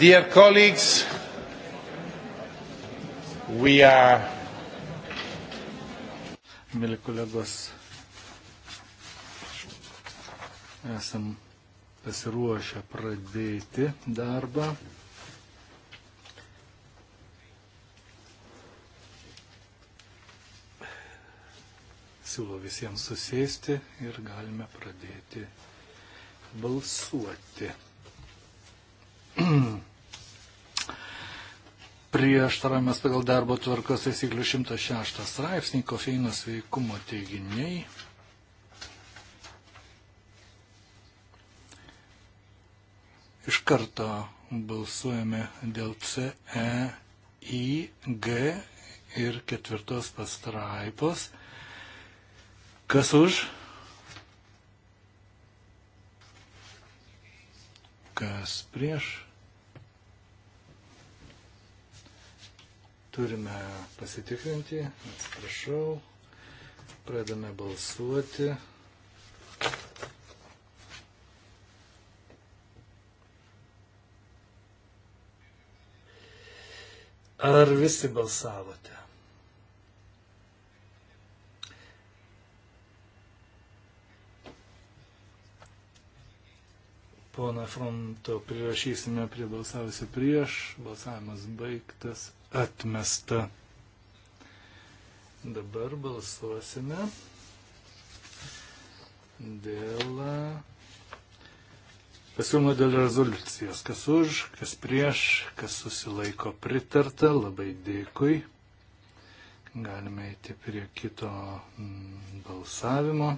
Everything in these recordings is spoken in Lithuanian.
Dear colleagues, we are. Mėly kolegos, esam pasiruošę pradėti darbą. Siūlau visiems susėsti ir galime pradėti balsuoti. prieštaravimas pagal darbo tvarkos taisyklių 106 straipsnį, kofeino sveikumo teiginiai. Iš karto balsuojame dėl C, E, I, G ir ketvirtos pastraipos. Kas už? Kas prieš? Turime pasitikrinti, atsiprašau, pradame balsuoti. Ar visi balsavote? Pona Fronto prirašysime prie balsavusių prieš. Balsavimas baigtas. Atmesta. Dabar balsuosime dėl pasiūlymo dėl rezoliucijos. Kas už, kas prieš, kas susilaiko pritarta. Labai dėkui. Galime eiti prie kito balsavimo.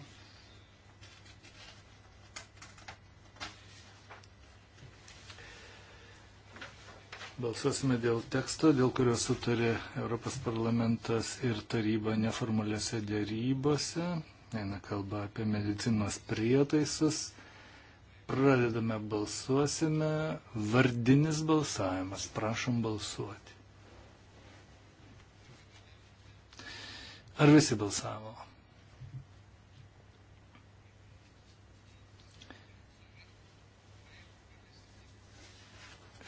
Balsuosime dėl teksto, dėl kurio sutarė Europos parlamentas ir taryba neformaliuose dėrybose. Eina kalba apie medicinos prietaisus. Pradedame balsuosime. Vardinis balsavimas. Prašom balsuoti. Ar visi balsavo?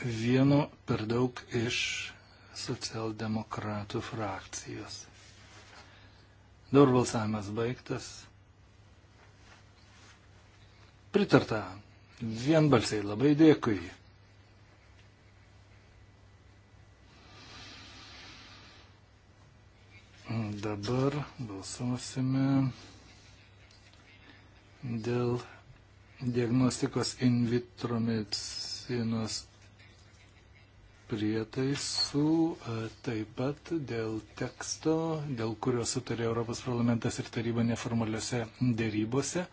vieno per daug iš socialdemokratų frakcijos. Dabar balsavimas baigtas. Pritarta. Vienbalsiai labai dėkui. Dabar balsuosime dėl diagnostikos in vitro medicinos prietaisų, e, taip pat dėl teksto, dėl kurio sutarė Europos parlamentas ir taryba neformaliuose dėrybose.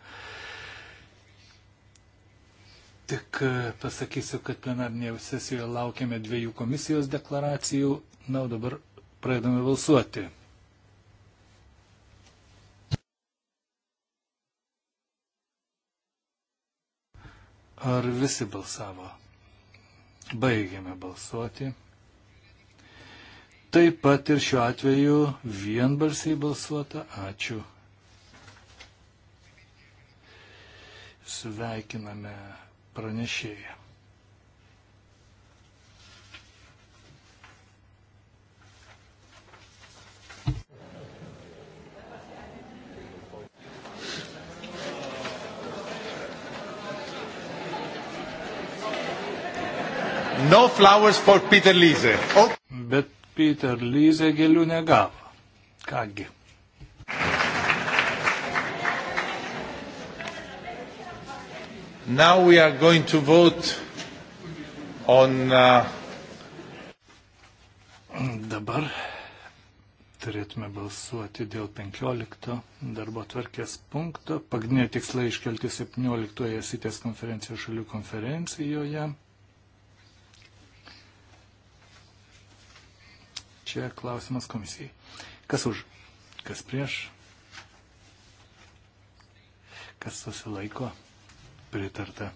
Tik e, pasakysiu, kad plenarnėje sesijoje laukiame dviejų komisijos deklaracijų. Na, o dabar pradedame balsuoti. Ar visi balsavo? Baigiame balsuoti. Taip pat ir šiuo atveju vienbalsiai balsuota. Ačiū. Sveikiname pranešėją. No flowers for Peter Lyze. O... Bet Peter Lyze gėlių negavo. Kągi. Now we are going to vote on. Uh, Dabar turėtume balsuoti dėl 15 darbo tvarkės punkto. Pagrindiniai tikslai iškelti 17 esitės konferencijos šalių konferencijoje. Čia klausimas komisijai. Kas už? Kas prieš? Kas susilaiko? Pritarta.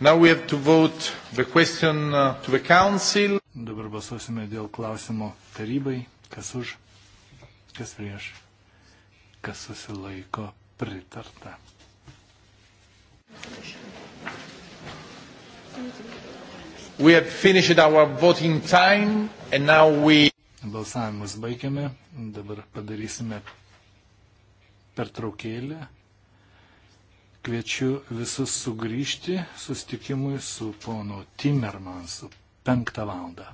Now we have to vote the question uh, to the council. Dabar balsuosime dėl klausimo tarybai, kas už, kas prieš, kas susilaiko pritarta. We have finished our voting time and now we... Balsavimus baigiame, dabar padarysime pertraukėlę. Kviečiu visus sugrįžti sustikimui su ponu Timmermansu penktą valandą.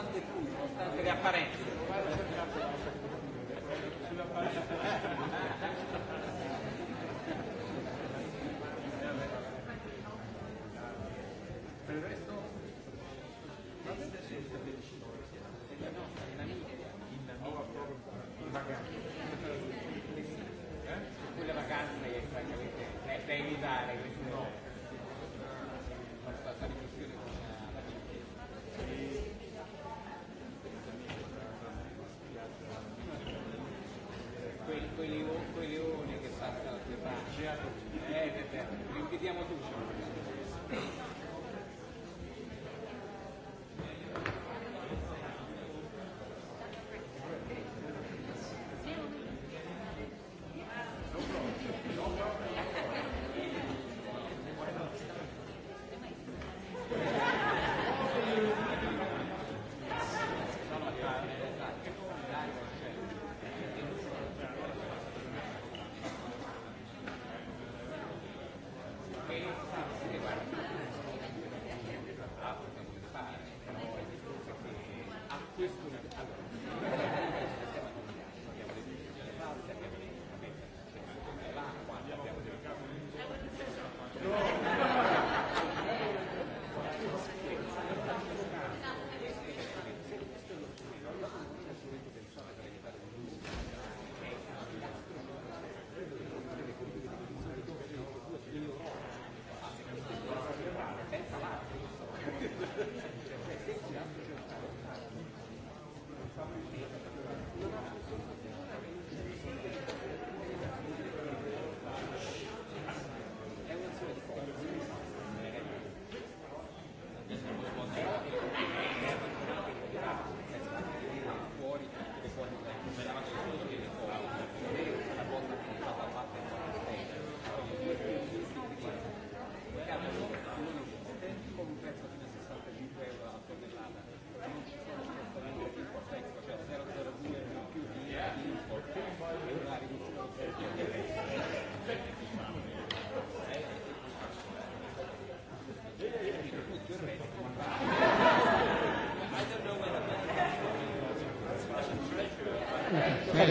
nonostante tutto, nonostante le apparenze.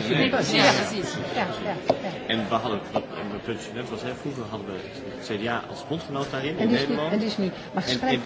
de Filippas. Ja, precies. Ja, ja, ja. En we hadden, dat, en mijn puntje net was, hè, vroeger hadden we het CDA als bondgenoot daarin en in Nederland. Nu, en die is nu. Maar gesprek... en, en,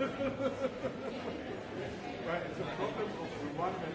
right, it's a problem of one and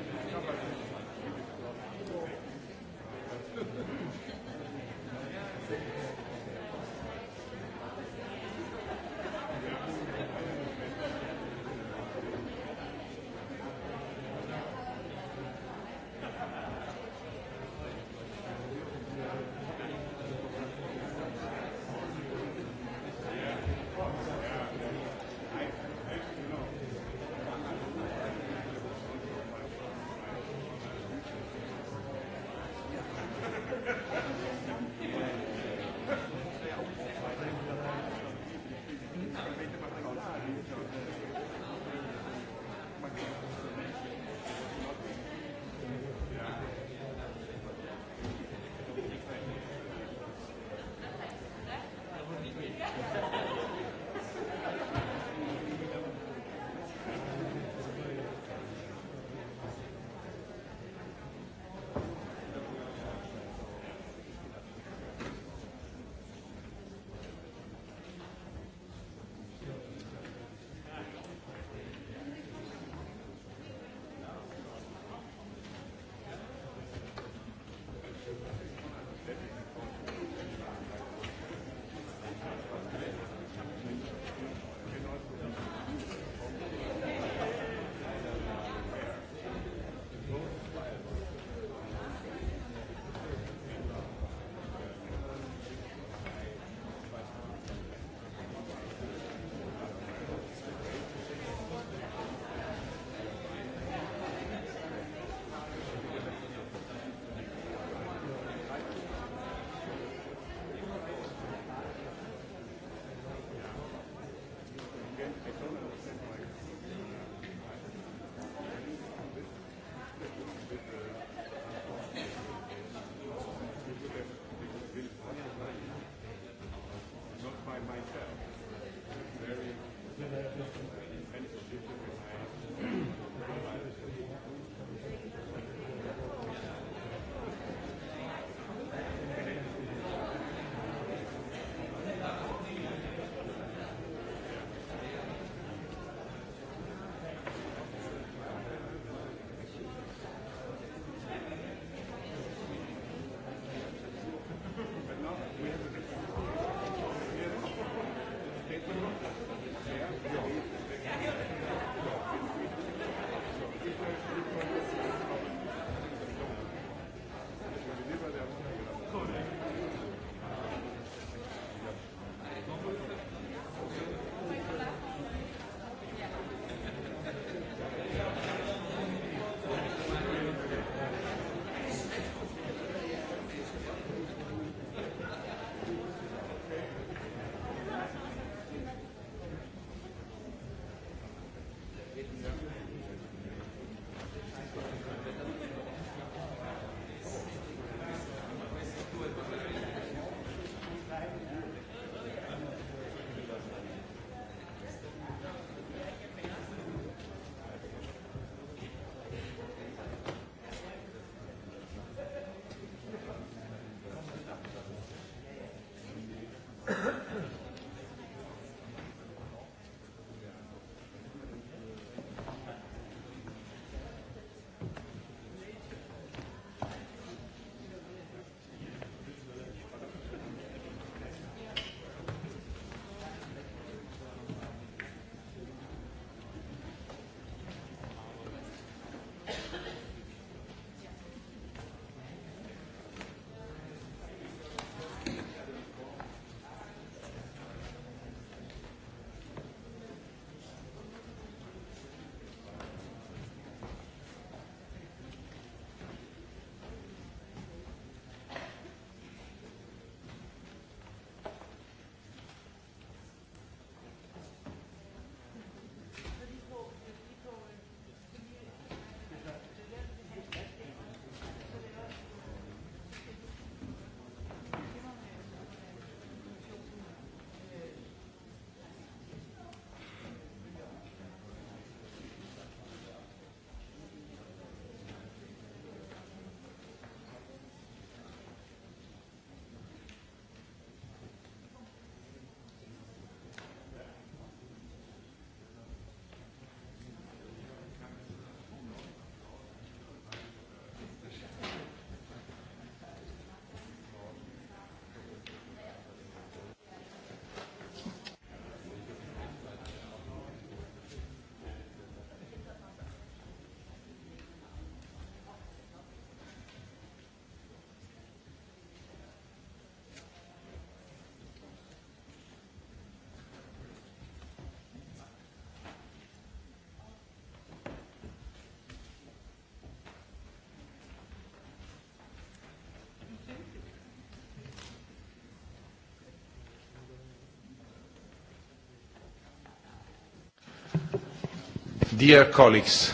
Dear colleagues,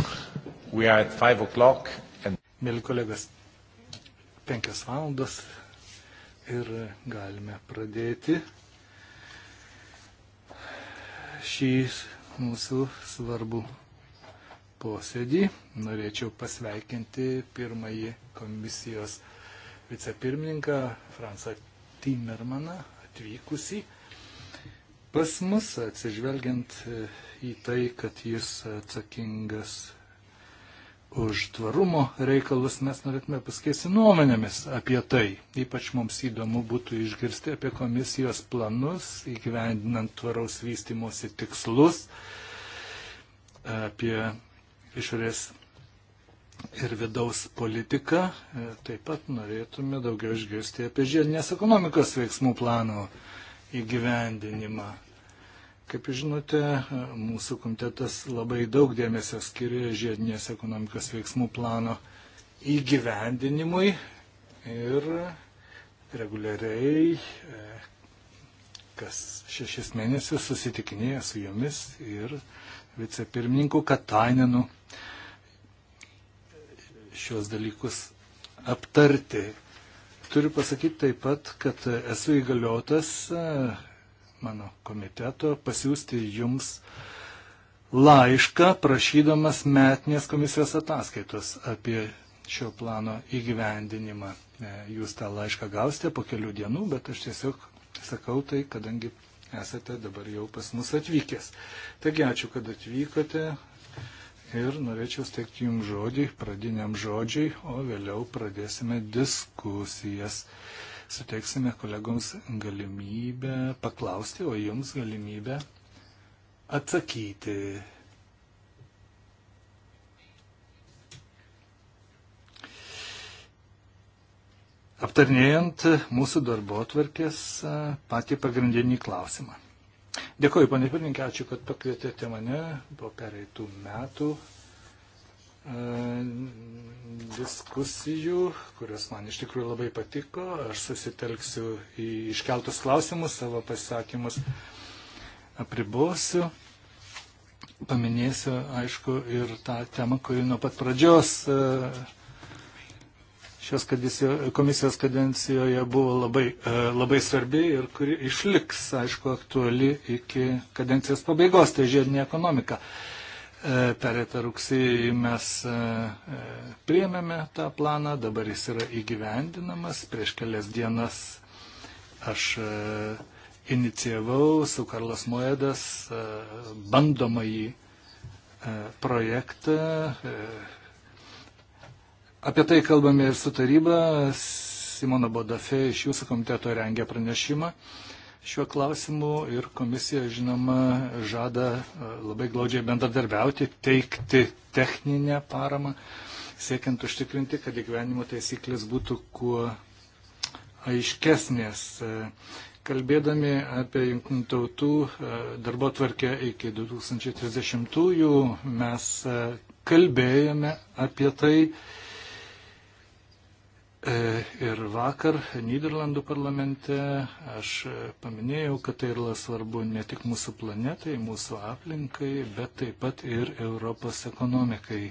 we are at 5 o'clock. And... Mėly kolegos, 5 valandos ir galime pradėti šį mūsų svarbų posėdį. Norėčiau pasveikinti pirmąjį komisijos vicepirmininką Fransą Timermaną atvykusi į pas mus, atsižvelgiant e, į tai, kad jis atsakingas už tvarumo reikalus, mes norėtume pasikeisti nuomonėmis apie tai. Ypač mums įdomu būtų išgirsti apie komisijos planus įgyvendinant tvaraus vystimosi tikslus, apie išorės ir vidaus politiką. E, taip pat norėtume daugiau išgirsti apie žiedinės ekonomikos veiksmų plano įgyvendinimą. Kaip žinote, mūsų komitetas labai daug dėmesio skiria žiedinės ekonomikos veiksmų plano įgyvendinimui ir reguliariai e, kas šešis mėnesius susitikinėja su jumis ir vicepirmininku Katainenu šios dalykus aptarti. Turiu pasakyti taip pat, kad esu įgaliotas e, mano komiteto pasiūsti jums laišką prašydamas metinės komisijos ataskaitos apie šio plano įgyvendinimą. E, jūs tą laišką gausite po kelių dienų, bet aš tiesiog sakau tai, kadangi esate dabar jau pas mus atvykęs. Taigi ačiū, kad atvykote, ir norėčiau steikti jums žodį, pradiniam žodžiai, o vėliau pradėsime diskusijas. Suteiksime kolegoms galimybę paklausti, o jums galimybę atsakyti. Aptarnėjant mūsų darbo atvarkės patį pagrindinį klausimą. Dėkuoju, panė pirmininkė, ačiū, kad pakvietėte mane po pereitų metų e, diskusijų, kurios man iš tikrųjų labai patiko. Aš susitelksiu į iškeltus klausimus, savo pasisakymus apribosiu. Paminėsiu, aišku, ir tą temą, kuri nuo pat pradžios uh, šios komisijos kadencijoje buvo labai, e, labai svarbi ir kuri išliks, aišku, aktuali iki kadencijos pabaigos, tai žiedinė ekonomika. E, pereitą rugsėjį mes e, priemėme tą planą, dabar jis yra įgyvendinamas. Prieš kelias dienas aš inicijavau su Karlas Moedas bandomąjį projektą Apie tai kalbame ir su taryba. Simona Bodafė iš jūsų komiteto rengia pranešimą šiuo klausimu ir komisija, žinoma, žada e, labai glaudžiai bendradarbiauti, teikti techninę paramą, siekiant užtikrinti, kad įgyvenimo taisyklės būtų kuo aiškesnės. E, kalbėdami apie jungtinių tautų e, darbo tvarkę iki 2030-ųjų, mes kalbėjome apie tai, E, ir vakar Niderlandų parlamente aš paminėjau, kad tai yra svarbu ne tik mūsų planetai, mūsų aplinkai, bet taip pat ir Europos ekonomikai,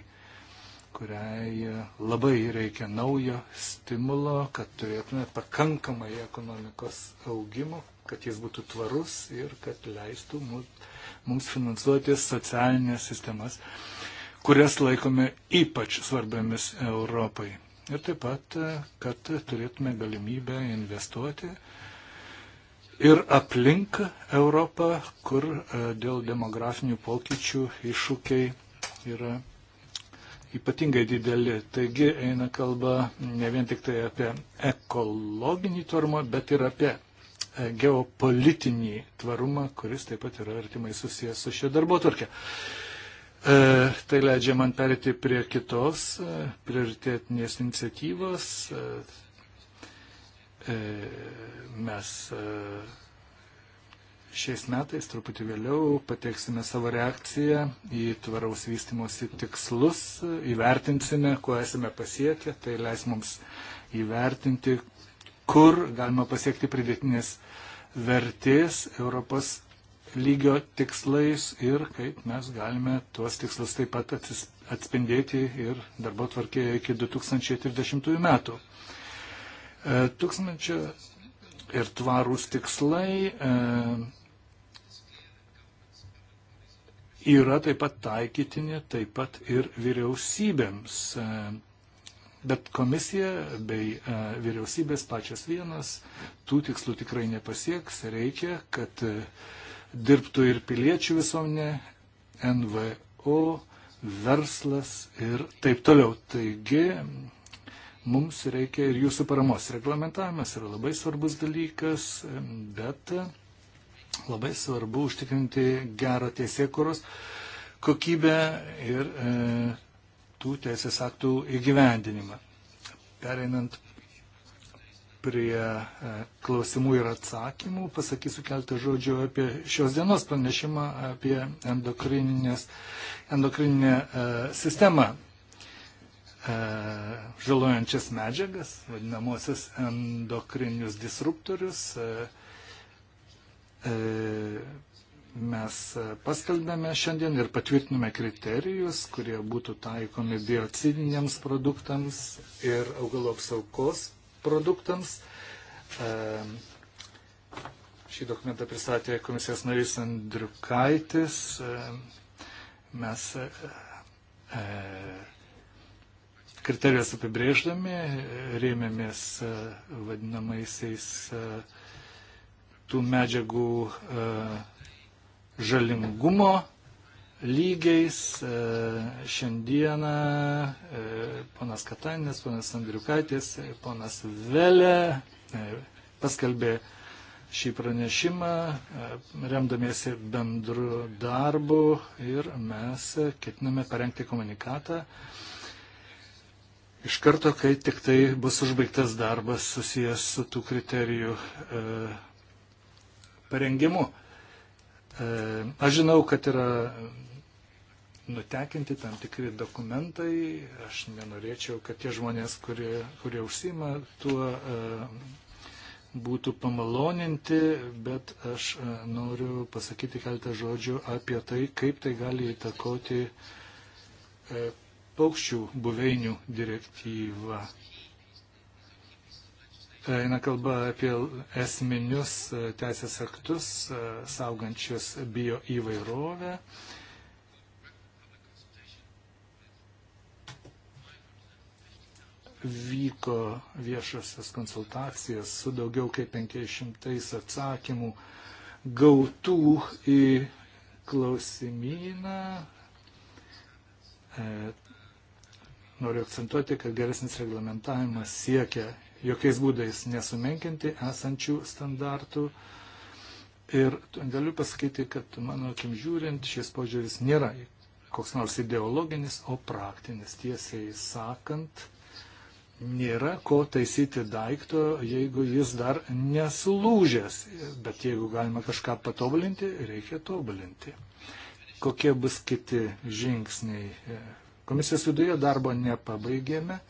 kuriai labai reikia naujo stimulo, kad turėtume pakankamai ekonomikos augimo, kad jis būtų tvarus ir kad leistų mums finansuoti socialinės sistemas, kurias laikome ypač svarbiamis Europai ir taip pat, kad turėtume galimybę investuoti ir aplink Europą, kur e, dėl demografinių pokyčių iššūkiai yra ypatingai dideli. Taigi eina kalba ne vien tik tai apie ekologinį tvarumą, bet ir apie e, geopolitinį tvarumą, kuris taip pat yra artimai susijęs su šia darbo turkė. E, tai leidžia man perėti prie kitos e, prioritėtinės iniciatyvos. E, mes šiais metais truputį vėliau pateiksime savo reakciją į tvaraus vystimosi tikslus, įvertinsime, kuo esame pasiekę, tai leis mums įvertinti, kur galima pasiekti pridėtinės vertės Europos lygio tikslais ir kaip mes galime tuos tikslus taip pat atspindėti ir darbo tvarkėje iki 2030 metų. E, tūkstančio ir tvarūs tikslai e, yra taip pat taikytini taip pat ir vyriausybėms. E, bet komisija bei vyriausybės pačias vienas tų tikslų tikrai nepasieks. Reikia, kad dirbtų ir piliečių visuomenė, NVO, verslas ir taip toliau. Taigi mums reikia ir jūsų paramos. Reglamentavimas yra labai svarbus dalykas, bet labai svarbu užtikrinti gerą teisėkuros kokybę ir e, tų teisės aktų įgyvendinimą. Pereinant prie e, klausimų ir atsakymų. Pasakysiu keltą žodžių apie šios dienos pranešimą apie endokrininę e, sistemą e, žalojančias medžiagas, vadinamosias endokrinius disruptorius. Mes paskelbėme šiandien ir patvirtinome kriterijus, kurie būtų taikomi biocidiniams produktams ir augalo apsaugos produktams. Šį dokumentą pristatė komisijos narys Andriukaitis. Mes e, kriterijus apibrėždami rėmėmės e, vadinamaisiais e, tų medžiagų žalingumo lygiais. E, šiandieną e, ponas Katanis, ponas Andriukaitis, e, ponas Velė paskelbė šį pranešimą, remdamiesi bendru darbu ir mes ketiname parengti komunikatą. Iš karto, kai tik tai bus užbaigtas darbas susijęs su tų kriterijų e, parengimu. E, E, aš žinau, kad yra nutekinti tam tikri dokumentai. Aš nenorėčiau, kad tie žmonės, kurie, kurie užsima tuo, e, būtų pamaloninti, bet aš e, noriu pasakyti keletą žodžių apie tai, kaip tai gali įtakoti paukščių buveinių direktyvą. Eina kalba apie esminius e, teisės aktus e, saugančius bio įvairovę. Vyko viešasios konsultacijos su daugiau kaip 500 atsakymų gautų į klausimyną. E, noriu akcentuoti, kad geresnis reglamentavimas siekia jokiais būdais nesumenkinti esančių standartų. Ir galiu pasakyti, kad mano akim žiūrint, šis požiūris nėra koks nors ideologinis, o praktinis. Tiesiai sakant, nėra ko taisyti daikto, jeigu jis dar nesulūžęs. Bet jeigu galima kažką patobulinti, reikia tobulinti. Kokie bus kiti žingsniai? Komisijos viduje darbo nepabaigėme.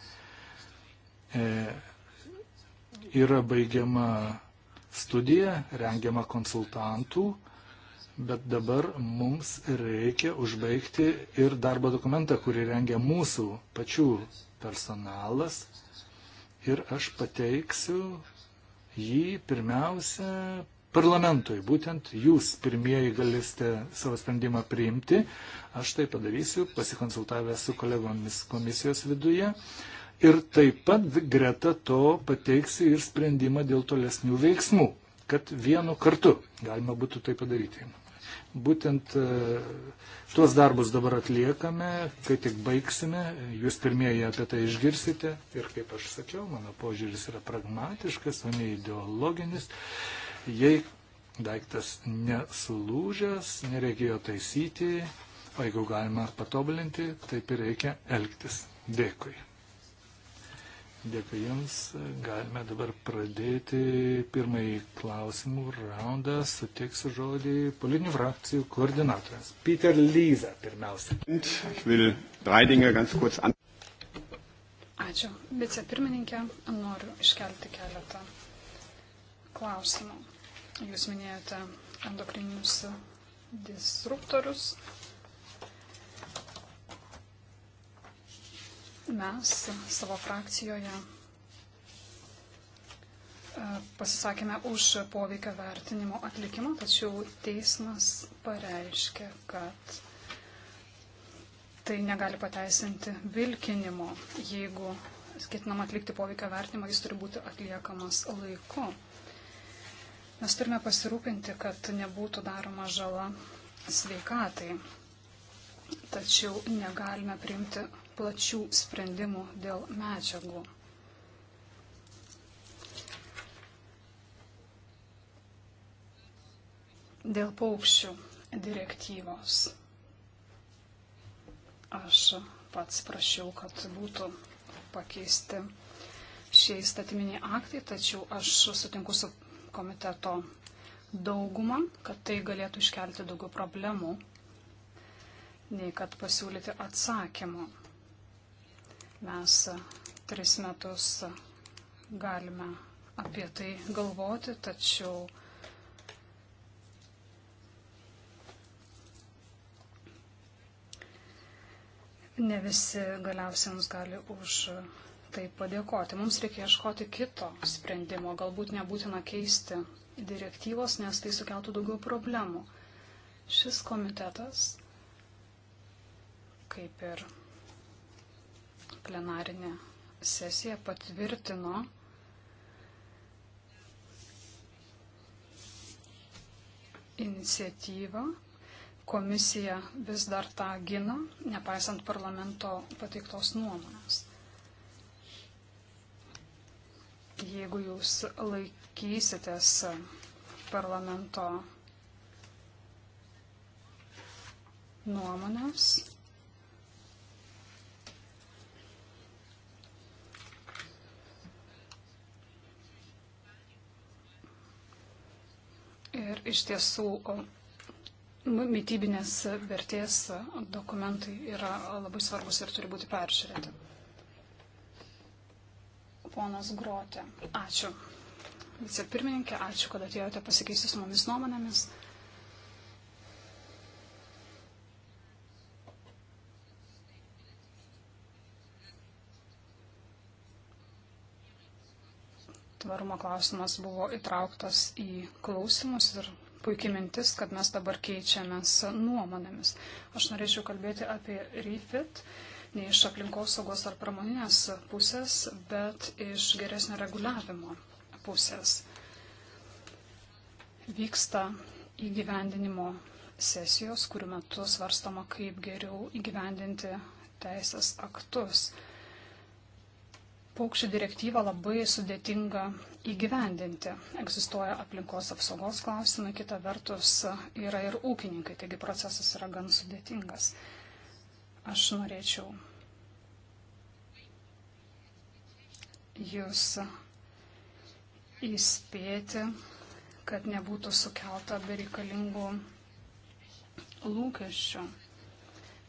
E, Yra baigiama studija, rengiama konsultantų, bet dabar mums reikia užbaigti ir darbo dokumentą, kurį rengia mūsų pačių personalas. Ir aš pateiksiu jį pirmiausia parlamentui. Būtent jūs pirmieji galėsite savo sprendimą priimti. Aš tai padarysiu, pasikonsultavęs su kolegomis komisijos viduje ir taip pat greta to pateiksi ir sprendimą dėl tolesnių veiksmų, kad vienu kartu galima būtų tai padaryti. Būtent e, tuos darbus dabar atliekame, kai tik baigsime, jūs pirmieji apie tai išgirsite ir kaip aš sakiau, mano požiūris yra pragmatiškas, o ne ideologinis. Jei daiktas nesulūžęs, nereikėjo taisyti, o jeigu galima patobulinti, taip ir reikia elgtis. Dėkui. Dėkui Jums. Galime dabar pradėti pirmąjį klausimų raundą. Sutiksiu žodį politinių frakcijų koordinatoriams. Peter Lyza pirmiausia. Ačiū. Vicepirmininkė, noriu iškelti keletą klausimų. Jūs minėjote endokrininius disruptorius, Mes savo frakcijoje e, pasisakėme už poveikio vertinimo atlikimą, tačiau teismas pareiškė, kad tai negali pateisinti vilkinimo. Jeigu ketinam atlikti poveikio vertinimą, jis turi būti atliekamas laiku. Mes turime pasirūpinti, kad nebūtų daroma žala sveikatai. Tačiau negalime priimti plačių sprendimų dėl medžiagų. Dėl paukščių direktyvos. Aš pats prašiau, kad būtų pakeisti šie įstatyminiai aktai, tačiau aš sutinku su komiteto daugumą, kad tai galėtų iškelti daugiau problemų, nei kad pasiūlyti atsakymą. Mes tris metus galime apie tai galvoti, tačiau ne visi galiausiai mums gali už tai padėkoti. Mums reikia ieškoti kito sprendimo, galbūt nebūtina keisti direktyvos, nes tai sukeltų daugiau problemų. Šis komitetas, kaip ir plenarinė sesija patvirtino iniciatyvą. Komisija vis dar tą gina, nepaisant parlamento pateiktos nuomonės. Jeigu jūs laikysitės parlamento nuomonės, Ir iš tiesų nu, mytybinės vertės dokumentai yra labai svarbus ir turi būti peržiūrėti. Ponas Grotė, ačiū. Vicepirmininkė, ačiū, kad atėjote pasikeisti su mumis nuomonėmis. tvarumo klausimas buvo įtrauktas į klausimus ir puikiai mintis, kad mes dabar keičiamės nuomonėmis. Aš norėčiau kalbėti apie refit, ne iš aplinkosaugos ar pramoninės pusės, bet iš geresnio reguliavimo pusės. Vyksta įgyvendinimo sesijos, kurių metu svarstama, kaip geriau įgyvendinti teisės aktus paukščių direktyvą labai sudėtinga įgyvendinti. Egzistuoja aplinkos apsaugos klausimai, kita vertus yra ir ūkininkai, taigi procesas yra gan sudėtingas. Aš norėčiau jūs įspėti, kad nebūtų sukelta bereikalingų lūkesčių.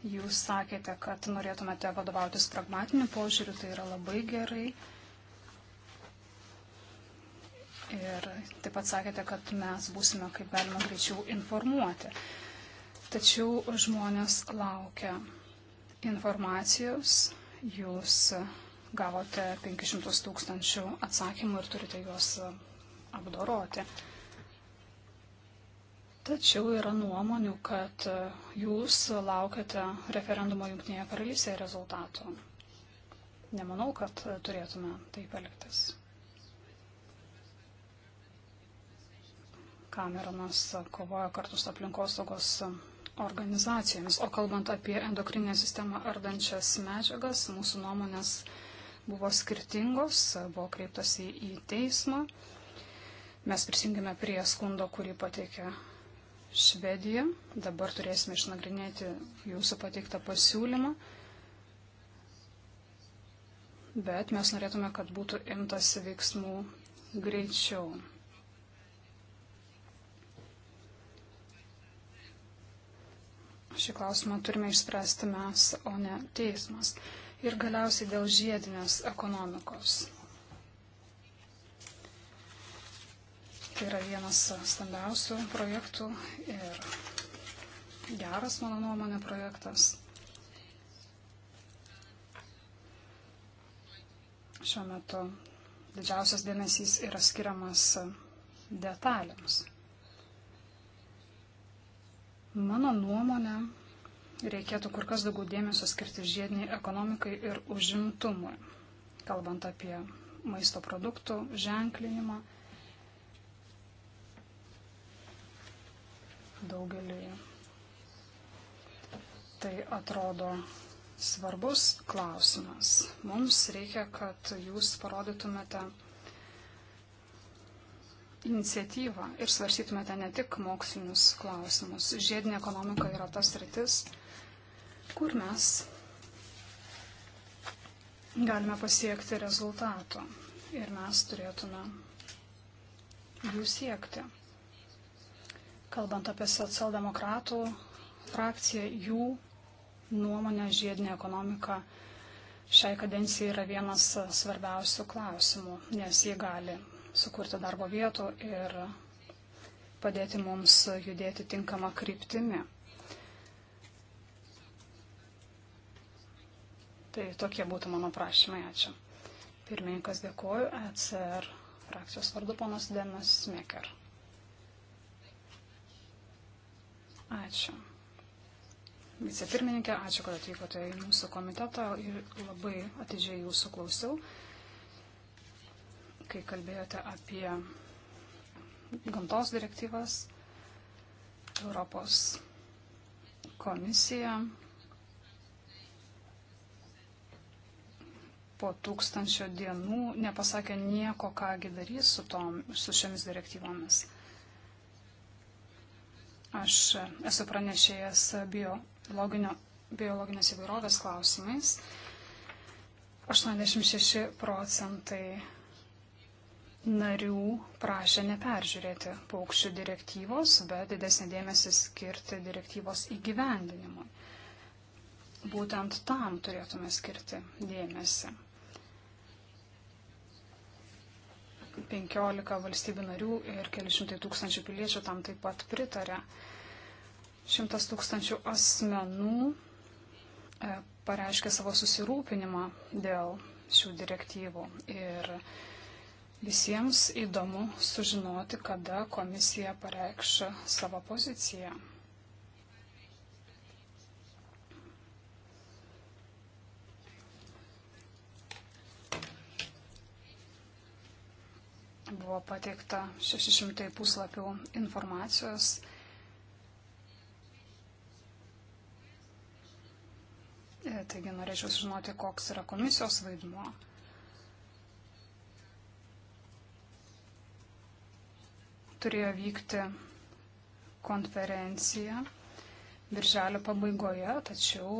Jūs sakėte, kad norėtumėte vadovautis pragmatiniu požiūriu, tai yra labai gerai. Ir taip pat sakėte, kad mes būsime kaip galima greičiau informuoti. Tačiau žmonės laukia informacijos, jūs gavote 500 tūkstančių atsakymų ir turite juos apdoroti. Tačiau yra nuomonių, kad e, jūs laukiate referendumo Junktinėje karalystėje rezultatų. Nemanau, kad turėtume taip elgtis. Kameronas kovoja kartu su aplinkosaugos organizacijomis. O kalbant apie endokrininę sistemą ardančias medžiagas, mūsų nuomonės buvo skirtingos, buvo kreiptasi į teismą. Mes prisijungėme prie skundo, kurį pateikė Švediją. Dabar turėsime išnagrinėti jūsų pateiktą pasiūlymą. Bet mes norėtume, kad būtų imtasi veiksmų greičiau. Šį klausimą turime išspręsti mes, o ne teismas. Ir galiausiai dėl žiedinės ekonomikos. Tai yra vienas stambiausių projektų ir geras, mano nuomonė, projektas. Šiuo metu didžiausias dėmesys yra skiriamas detalėms. Mano nuomonė, reikėtų kur kas daugiau dėmesio skirti žiediniai ekonomikai ir užimtumui, kalbant apie maisto produktų ženklinimą daugeliui. Tai atrodo svarbus klausimas. Mums reikia, kad jūs parodytumėte iniciatyvą ir svarstytumėte ne tik mokslinius klausimus. Žiedinė ekonomika yra tas rytis, kur mes galime pasiekti rezultato ir mes turėtume jų siekti. Kalbant apie socialdemokratų frakciją, jų nuomonė žiedinė ekonomika šiai kadencijai yra vienas svarbiausių klausimų, nes jie gali sukurti darbo vietų ir padėti mums judėti tinkamą kryptimį. Tai tokie būtų mano prašymai. Ačiū. Pirmininkas dėkoju. ECR frakcijos vardu ponas Denas Smeker. Ačiū. Vicepirmininkė, ačiū, kad atvykote į mūsų komitetą ir labai atidžiai jūsų klausiau, kai kalbėjote apie gamtos direktyvas, Europos komisija po tūkstančio dienų nepasakė nieko, kągi darys su, tom, su šiomis direktyvomis. Aš esu pranešėjęs biologinės įvairovės klausimais. 86 procentai narių prašė neperžiūrėti paukščių direktyvos, bet didesnį dėmesį skirti direktyvos įgyvendinimui. Būtent tam turėtume skirti dėmesį. 15 valstybių narių ir keli šimtai tūkstančių piliečių tam taip pat pritarė. Šimtas tūkstančių asmenų e, pareiškė savo susirūpinimą dėl šių direktyvų. Ir visiems įdomu sužinoti, kada komisija pareikš savo poziciją. Buvo pateikta 600 puslapių informacijos. E, taigi norėčiau sužinoti, koks yra komisijos vaidmuo. Turėjo vykti konferencija birželio pabaigoje, tačiau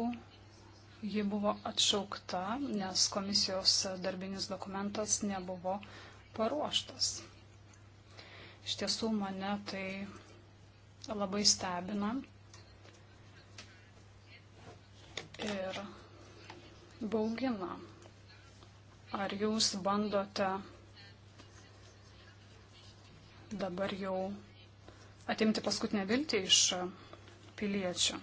ji buvo atšaukta, nes komisijos darbinis dokumentas nebuvo paruoštas. Iš tiesų mane tai labai stebina. Ir baugina. Ar jūs bandote dabar jau atimti paskutinę viltį iš piliečių?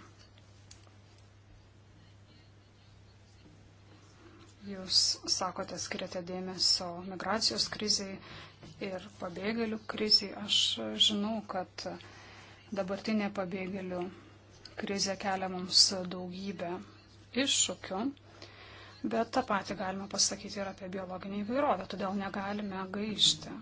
Jūs sakote, skiriate dėmesio migracijos kriziai ir pabėgėlių kriziai. Aš žinau, kad dabartinė pabėgėlių krizė kelia mums daugybę iššūkių, bet tą patį galima pasakyti ir apie biologinį įvairovę, todėl negalime gaišti.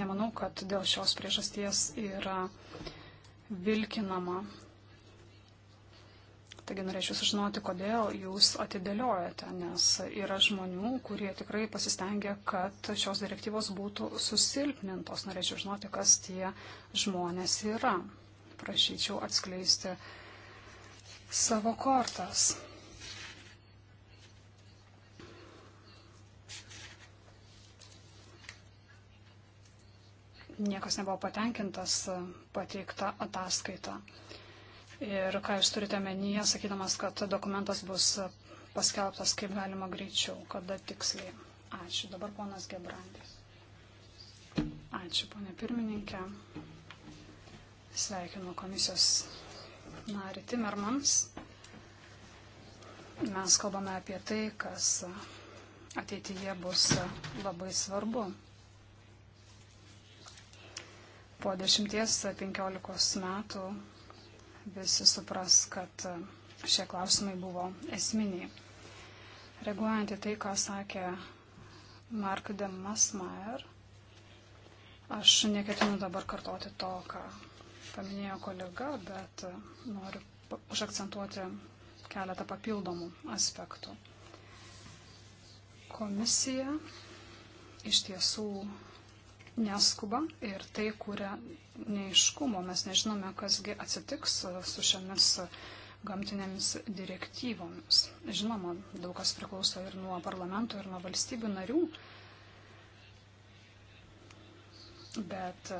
Nemanau, kad dėl šios priežasties yra. Ir vilkinama. Taigi norėčiau sužinoti, kodėl jūs atidėliojate, nes yra žmonių, kurie tikrai pasistengia, kad šios direktyvos būtų susilpnintos. Norėčiau žinoti, kas tie žmonės yra. Prašyčiau atskleisti savo kortas. niekas nebuvo patenkintas e, pateikta ataskaita. Ir ką jūs turite menyje, sakydamas, kad dokumentas bus e, paskelbtas kaip galima greičiau, kada tiksliai. Ačiū. Dabar ponas Gebrandis. Ačiū, ponė pirmininkė. Sveikinu komisijos narį Timermans. Mes kalbame apie tai, kas ateityje bus e, labai svarbu Po 10-15 metų visi supras, kad šie klausimai buvo esminiai. Reaguojant į tai, ką sakė Mark de Masmaer, aš neketinu dabar kartoti to, ką paminėjo kolega, bet noriu užakcentuoti keletą papildomų aspektų. Komisija iš tiesų neskuba ir tai kuria neiškumo. Mes nežinome, kasgi atsitiks su šiomis gamtinėmis direktyvomis. Žinoma, daug kas priklauso ir nuo parlamento, ir nuo valstybių narių. Bet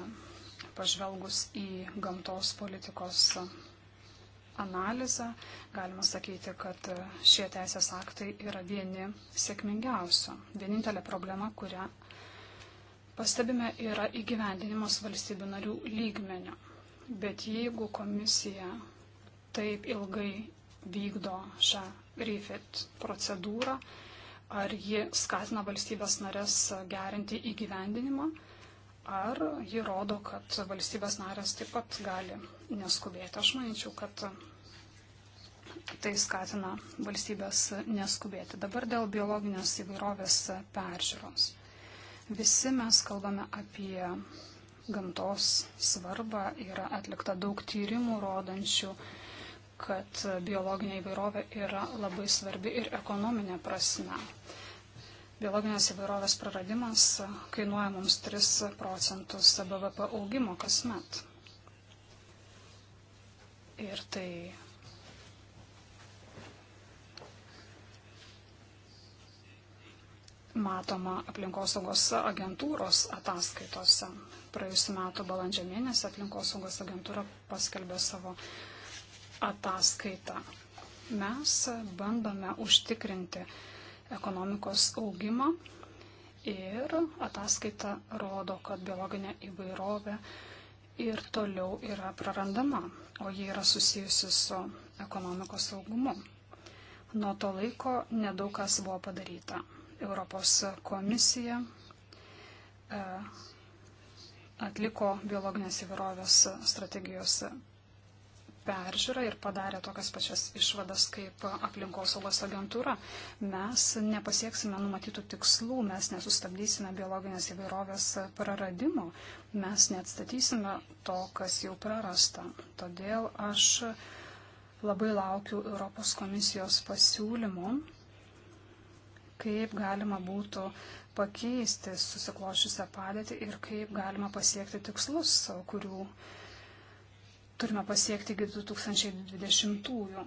pažvelgus į gamtos politikos analizę, galima sakyti, kad šie teisės aktai yra vieni sėkmingiausių. Vienintelė problema, kurią pastebime, yra įgyvendinimas valstybių narių lygmenio. Bet jeigu komisija taip ilgai vykdo šią refit procedūrą, ar ji skatina valstybės narės gerinti įgyvendinimą, ar ji rodo, kad valstybės narės taip pat gali neskubėti. Aš manyčiau, kad tai skatina valstybės neskubėti. Dabar dėl biologinės įvairovės peržiūros. Visi mes kalbame apie gamtos svarbą. Yra atlikta daug tyrimų rodančių, kad biologinė įvairovė yra labai svarbi ir ekonominė prasme. Biologinės įvairovės praradimas kainuoja mums 3 procentus BVP augimo kasmet. Ir tai matoma aplinkosaugos agentūros ataskaitose. Praėjusiu metu balandžio mėnesį aplinkosaugos agentūra paskelbė savo ataskaitą. Mes bandome užtikrinti ekonomikos augimą ir ataskaita rodo, kad biologinė įvairovė ir toliau yra prarandama, o ji yra susijusi su ekonomikos saugumu. Nuo to laiko nedaug kas buvo padaryta. Europos komisija e, atliko biologinės įvairovės strategijos peržiūrą ir padarė tokias pačias išvadas kaip aplinkosaugos agentūra. Mes nepasieksime numatytų tikslų, mes nesustabdysime biologinės įvairovės praradimo, mes neatstatysime to, kas jau prarasta. Todėl aš labai laukiu Europos komisijos pasiūlymų kaip galima būtų pakeisti susiklošusią padėtį ir kaip galima pasiekti tikslus, kurių turime pasiekti iki 2020-ųjų.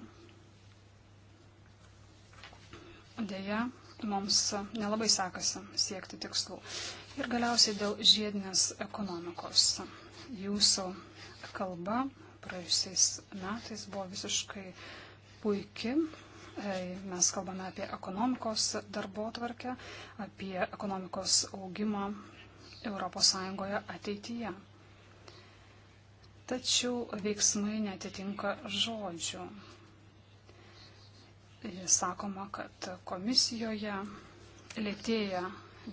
Deja, mums nelabai sekasi siekti tikslų. Ir galiausiai dėl žiedinės ekonomikos. Jūsų kalba praėjusiais metais buvo visiškai puikia Mes kalbame apie ekonomikos darbo tvarkę, apie ekonomikos augimą ES ateityje. Tačiau veiksmai netitinka žodžių. Sakoma, kad komisijoje lėtėja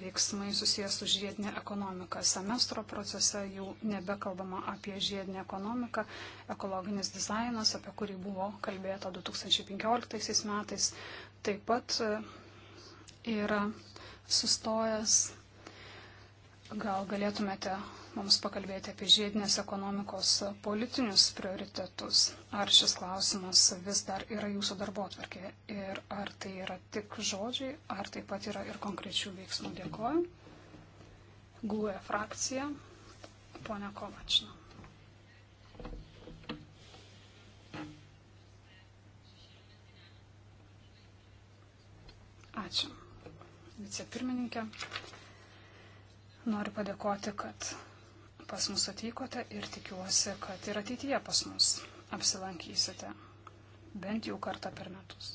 veiksmai susijęs su žiedinė ekonomika. Semestro procese jau nebekalbama apie žiedinę ekonomiką, ekologinis dizainas, apie kurį buvo kalbėta 2015 metais, taip pat e, yra sustojęs. Gal galėtumėte mums pakalbėti apie žiedinės ekonomikos politinius prioritetus. Ar šis klausimas vis dar yra jūsų darbo atvarkė ir ar tai yra tik žodžiai, ar taip pat yra ir konkrečių veiksmų. Dėkuoju. GUE frakcija, ponia Kovačina. Ačiū. Vicepirmininkė. Noriu padėkoti, kad pas mus atvykote ir tikiuosi, kad ir ateityje pas mus apsilankysite bent jau kartą per metus.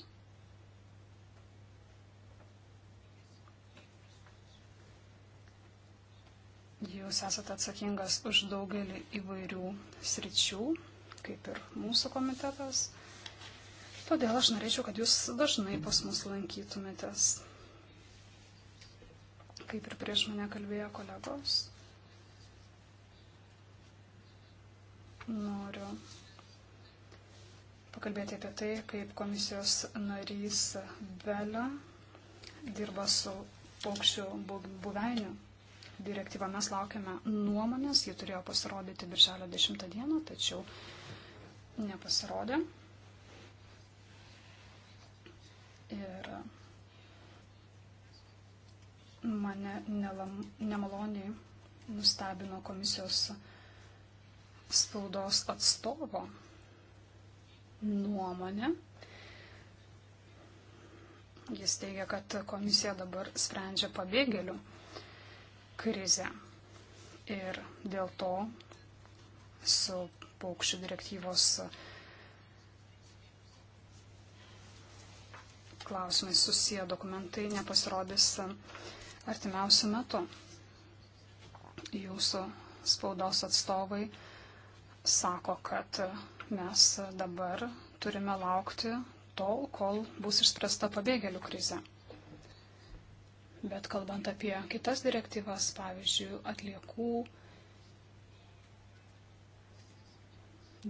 Jūs esate atsakingas už daugelį įvairių sričių, kaip ir mūsų komitetas. Todėl aš norėčiau, kad jūs dažnai pas mus lankytumėtės, kaip ir prieš mane kalbėjo kolegos. Noriu pakalbėti apie tai, kaip komisijos narys Vela dirba su paukščių buveinių direktyva. Mes laukiame nuomonės, ji turėjo pasirodyti birželio 10 dieną, tačiau nepasirodė. Ir mane nelam, nemaloniai nustebino komisijos narys spaudos atstovo nuomonę. Jis teigia, kad komisija dabar sprendžia pabėgėlių krizę. Ir dėl to su paukščių direktyvos klausimais susiję dokumentai nepasirodys artimiausių metų. Jūsų spaudos atstovai sako, kad mes dabar turime laukti tol, kol bus išspręsta pabėgėlių krize. Bet kalbant apie kitas direktyvas, pavyzdžiui, atliekų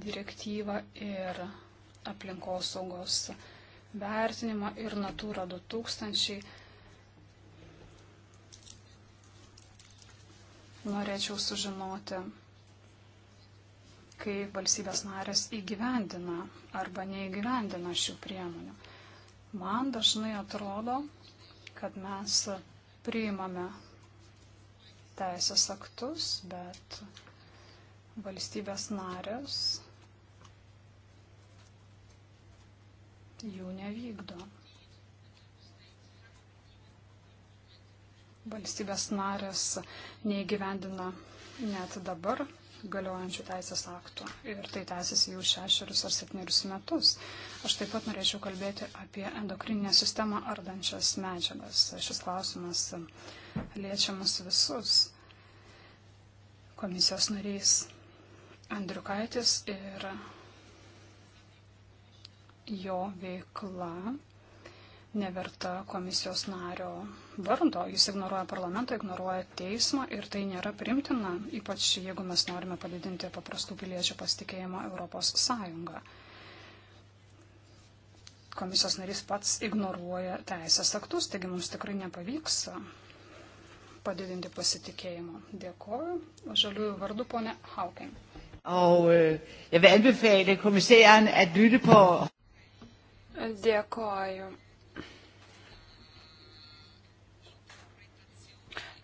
direktyvą ir aplinkosaugos vertinimą ir Natūra 2000. Norėčiau sužinoti, kai valstybės narės įgyvendina arba neįgyvendina šių priemonių. Man dažnai atrodo, kad mes priimame teisės aktus, bet valstybės narės jų nevykdo. Valstybės narės neįgyvendina net dabar galiojančių teisės aktų ir tai tęsiasi jau šešerius ar septynerius metus. Aš taip pat norėčiau kalbėti apie endokrininę sistemą ardančias medžiagas. Šis klausimas liečia mus visus. Komisijos narys Andriukaitis ir jo veikla neverta komisijos nario vardo. Jis ignoruoja parlamentą, ignoruoja teismą ir tai nėra primtina, ypač jeigu mes norime padidinti paprastų piliečių pasitikėjimą Europos Sąjungą. Komisijos narys pats ignoruoja teisės aktus, taigi mums tikrai nepavyks padidinti pasitikėjimo. Dėkoju. Žaliųjų vardu, ponė Haukin. Og øh, jeg vil anbefale kommissæren at lytte på. Dėkoju.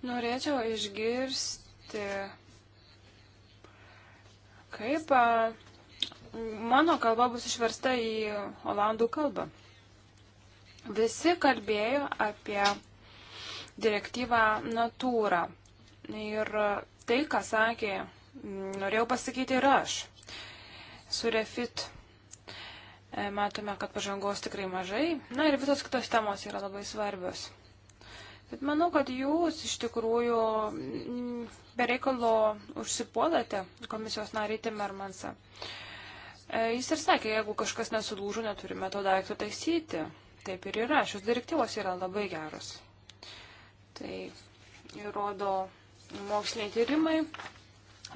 Norėčiau išgirsti, kaip mano kalba bus išversta į olandų kalbą. Visi kalbėjo apie direktyvą Natūrą. Ir tai, ką sakė, norėjau pasakyti ir aš. Su Refit e, matome, kad pažangos tikrai mažai. Na ir visos kitos temos yra labai svarbios. Bet manau, kad jūs iš tikrųjų mm, bereikalo užsipuolate komisijos narį Timmermansą. E, jis ir sakė, jeigu kažkas nesulūžo, neturime to daikto taisyti. Taip ir yra. Šios direktyvos yra labai geros. Tai įrodo moksliniai tyrimai.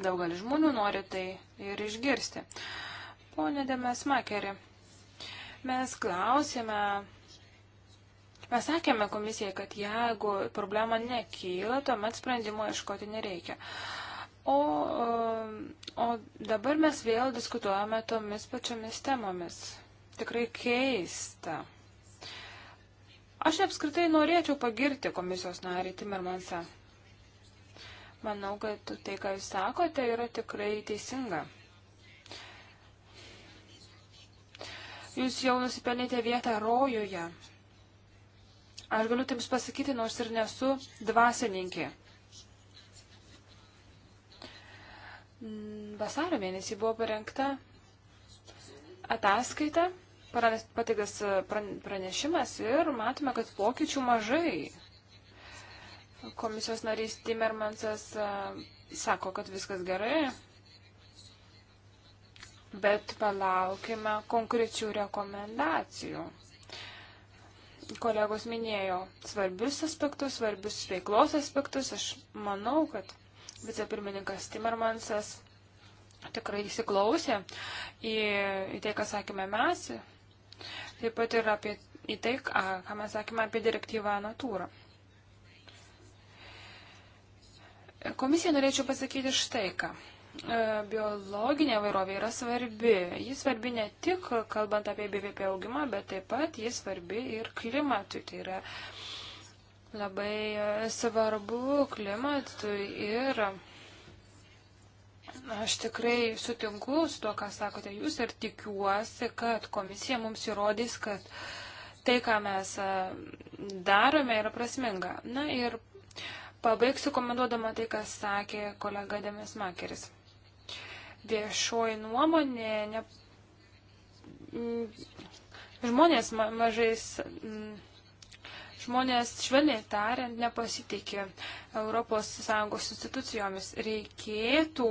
Daugelis žmonių nori tai ir išgirsti. Pone Demes Makeri, mes klausėme Mes sakėme komisijai, kad jeigu problema nekyla, tuomet sprendimo iškoti nereikia. O, o dabar mes vėl diskutuojame tomis pačiomis temomis. Tikrai keista. Aš apskritai norėčiau pagirti komisijos narį Timermansą. Manau, kad tai, ką jūs sakote, yra tikrai teisinga. Jūs jau nusipelnėte vietą rojuje. Aš galiu jums pasakyti, nors ir nesu dvasininkė. Mm, vasario mėnesį buvo parengta ataskaita, pateiktas e, pranešimas ir matome, kad pokyčių mažai. Komisijos narys Timermansas e, sako, kad viskas gerai, bet palaukime konkrečių rekomendacijų kolegos minėjo svarbius aspektus, svarbius veiklos aspektus. Aš manau, kad vicepirmininkas Timmermansas tikrai įsiklausė į, į tai, ką sakėme mes. Taip pat ir apie, į tai, ką mes sakėme apie direktyvą natūrą. Komisija norėčiau pasakyti štai ką. E, biologinė vairovė yra svarbi. Jis svarbi ne tik kalbant apie BVP augimą, bet taip pat jis svarbi ir klimatui. Tai yra labai e, svarbu klimatui ir aš tikrai sutinku su to, ką sakote jūs ir tikiuosi, kad komisija mums įrodys, kad tai, ką mes e, darome, yra prasminga. Na ir pabaigsiu komentuodama tai, ką sakė kolega Demis Makeris viešoji nuomonė, ne, mm, žmonės ma, mažais, mm, žmonės švelniai tariant nepasitikė ES institucijomis. Reikėtų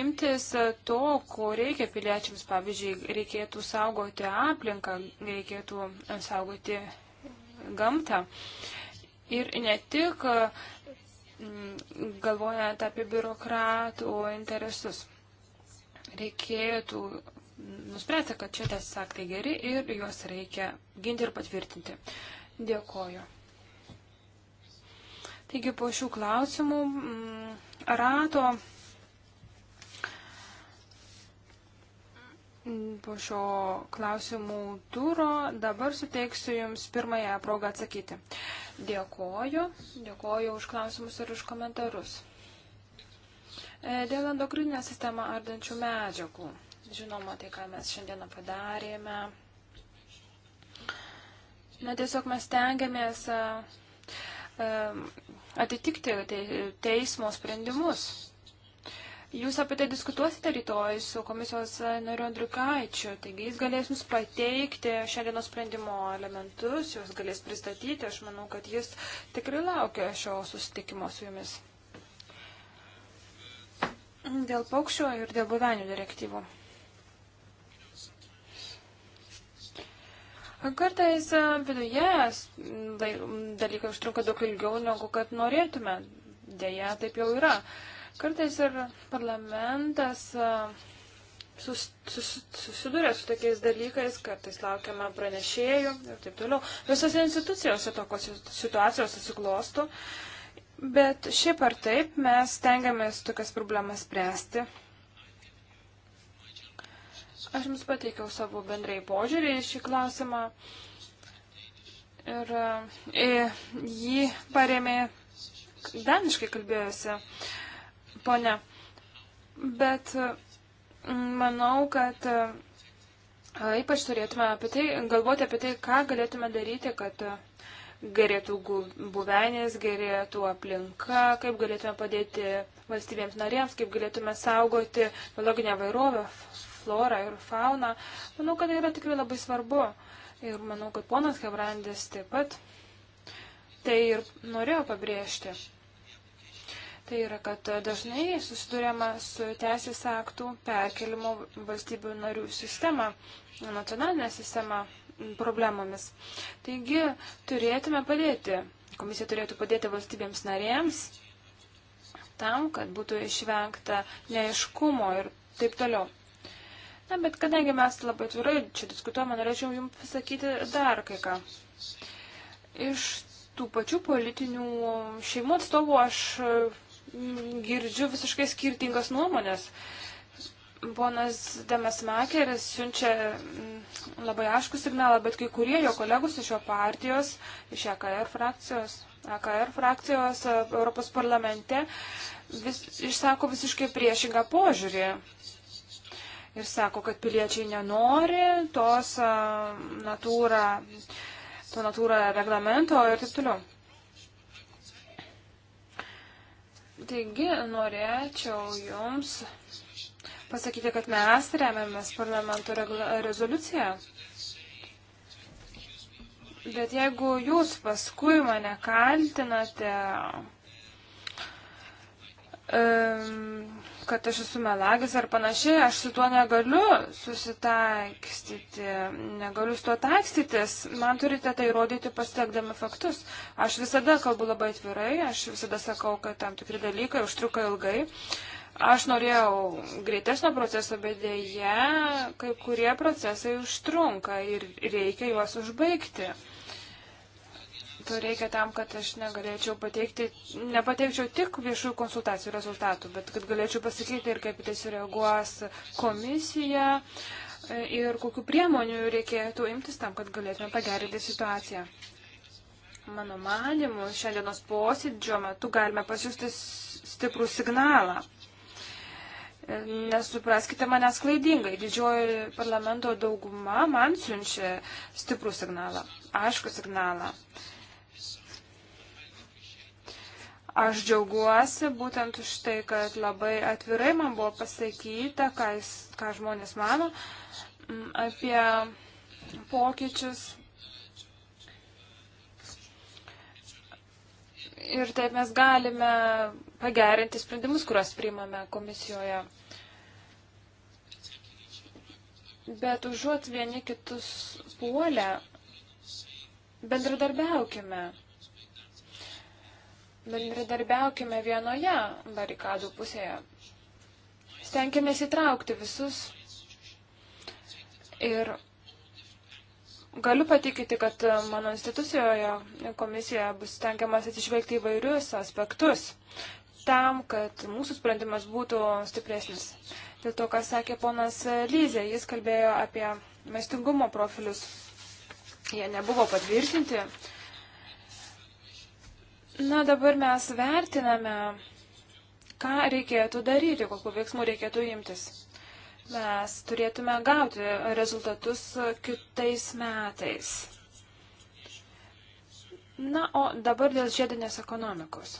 imtis to, ko reikia piliečiams, pavyzdžiui, reikėtų saugoti aplinką, reikėtų saugoti gamtą. Ir ne tik mm, galvojant apie biurokratų interesus reikėtų nuspręsti, kad čia teisės aktai geri ir juos reikia ginti ir patvirtinti. Dėkoju. Taigi po šių klausimų m, mm, rato, mm, po šio klausimų turo dabar suteiksiu Jums pirmąją progą atsakyti. Dėkoju, dėkoju už klausimus ir už komentarus. E, dėl endokrininę sistemą ardančių medžiagų. Žinoma, tai ką mes šiandieną padarėme. Na, tiesiog mes tengiamės e, e, atitikti teismo sprendimus. Jūs apie tai diskutuosite rytoj su komisijos nariu Andriukaičiu, taigi jis galės jums pateikti šiandienos sprendimo elementus, jūs galės pristatyti, aš manau, kad jis tikrai laukia šio susitikimo su jumis dėl paukščių ir dėl buvenių direktyvų. Kartais e, viduje dalykai užtrunka daug ilgiau, negu kad norėtume. Deja, taip jau yra. Kartais ir parlamentas e, sus, sus, susiduria su tokiais dalykais, kartais laukiame pranešėjų ir taip toliau. Visose institucijose tokios situacijos susiklostų. Uh, Bet šiaip ar taip mes tengiamės tokias problemas spręsti. Aš jums pateikiau savo bendrai požiūrį į šį klausimą ir e, jį paremė daniškai kalbėjusi ponia. Bet manau, kad e, ypač turėtume apie tai, galvoti apie tai, ką galėtume daryti, kad gerėtų buveinės, gerėtų aplinka, kaip galėtume padėti valstybėms narėms, kaip galėtume saugoti biologinę vairovę, florą ir fauną. Manau, kad tai yra tikrai labai svarbu. Ir manau, kad ponas Hebrandis taip pat tai ir norėjo pabrėžti. Tai yra, kad dažnai susidurėma su teisės aktų perkelimo valstybių narių sistema, nacionalinė sistema problemomis. Taigi turėtume padėti, komisija turėtų padėti valstybėms narėms tam, kad būtų išvengta neaiškumo ir taip toliau. Na, bet kadangi mes labai atvirai čia diskutuojame, norėčiau Jums pasakyti dar kai ką. Iš tų pačių politinių šeimų atstovų aš mm, girdžiu visiškai skirtingas nuomonės. Uh, Ponas Demesmakeris siunčia mm, labai aišku signalą, bet kai kurie jo kolegos iš jo partijos, iš AKR frakcijos, AKR frakcijos e, Europos parlamente vis, išsako visiškai priešingą požiūrį. Ir sako, kad piliečiai nenori tos e, natūra, to natūra reglamento ir taip toliau. Taigi norėčiau jums pasakyti, kad mes remiamės parlamento rezoliuciją. Bet jeigu jūs paskui mane kaltinate, kad aš esu melagis ar panašiai, aš su tuo negaliu susitaikstyti, negaliu su tuo taikstytis, man turite tai rodyti pasiekdami faktus. Aš visada kalbu labai atvirai, aš visada sakau, kad tam tikri dalykai užtruka ilgai, Aš norėjau greitesnio proceso, bet dėje kai kurie procesai užtrunka ir reikia juos užbaigti. To reikia tam, kad aš negalėčiau pateikti, nepateikčiau tik viešų konsultacijų rezultatų, bet kad galėčiau pasakyti ir kaip tai sureaguos komisija ir kokiu priemonių reikėtų imtis tam, kad galėtume pagerinti situaciją. Mano manimu, šiandienos posėdžio metu galime pasiūsti stiprų signalą Nesupraskite manęs klaidingai. Didžioji parlamento dauguma man siunčia stiprų signalą, aišku signalą. Aš džiaugiuosi būtent už tai, kad labai atvirai man buvo pasakyta, ką, jis, ką žmonės mano mm, apie pokyčius. Ir taip mes galime pagerinti sprendimus, kuriuos priimame komisijoje. Bet užuot vieni kitus puolę, bendradarbiaukime. Bendradarbiaukime vienoje barikadų pusėje. Stenkime įtraukti visus. Ir galiu patikinti, kad mano institucijoje komisijoje bus stengiamas atsižvelgti įvairius aspektus tam, kad mūsų sprendimas būtų stipresnis. Dėl to, ką sakė ponas Lyzė, jis kalbėjo apie maistingumo profilius. Jie nebuvo patvirtinti. Na, dabar mes vertiname, ką reikėtų daryti, kokiu veiksmu reikėtų imtis. Mes turėtume gauti rezultatus kitais metais. Na, o dabar dėl žiedinės ekonomikos.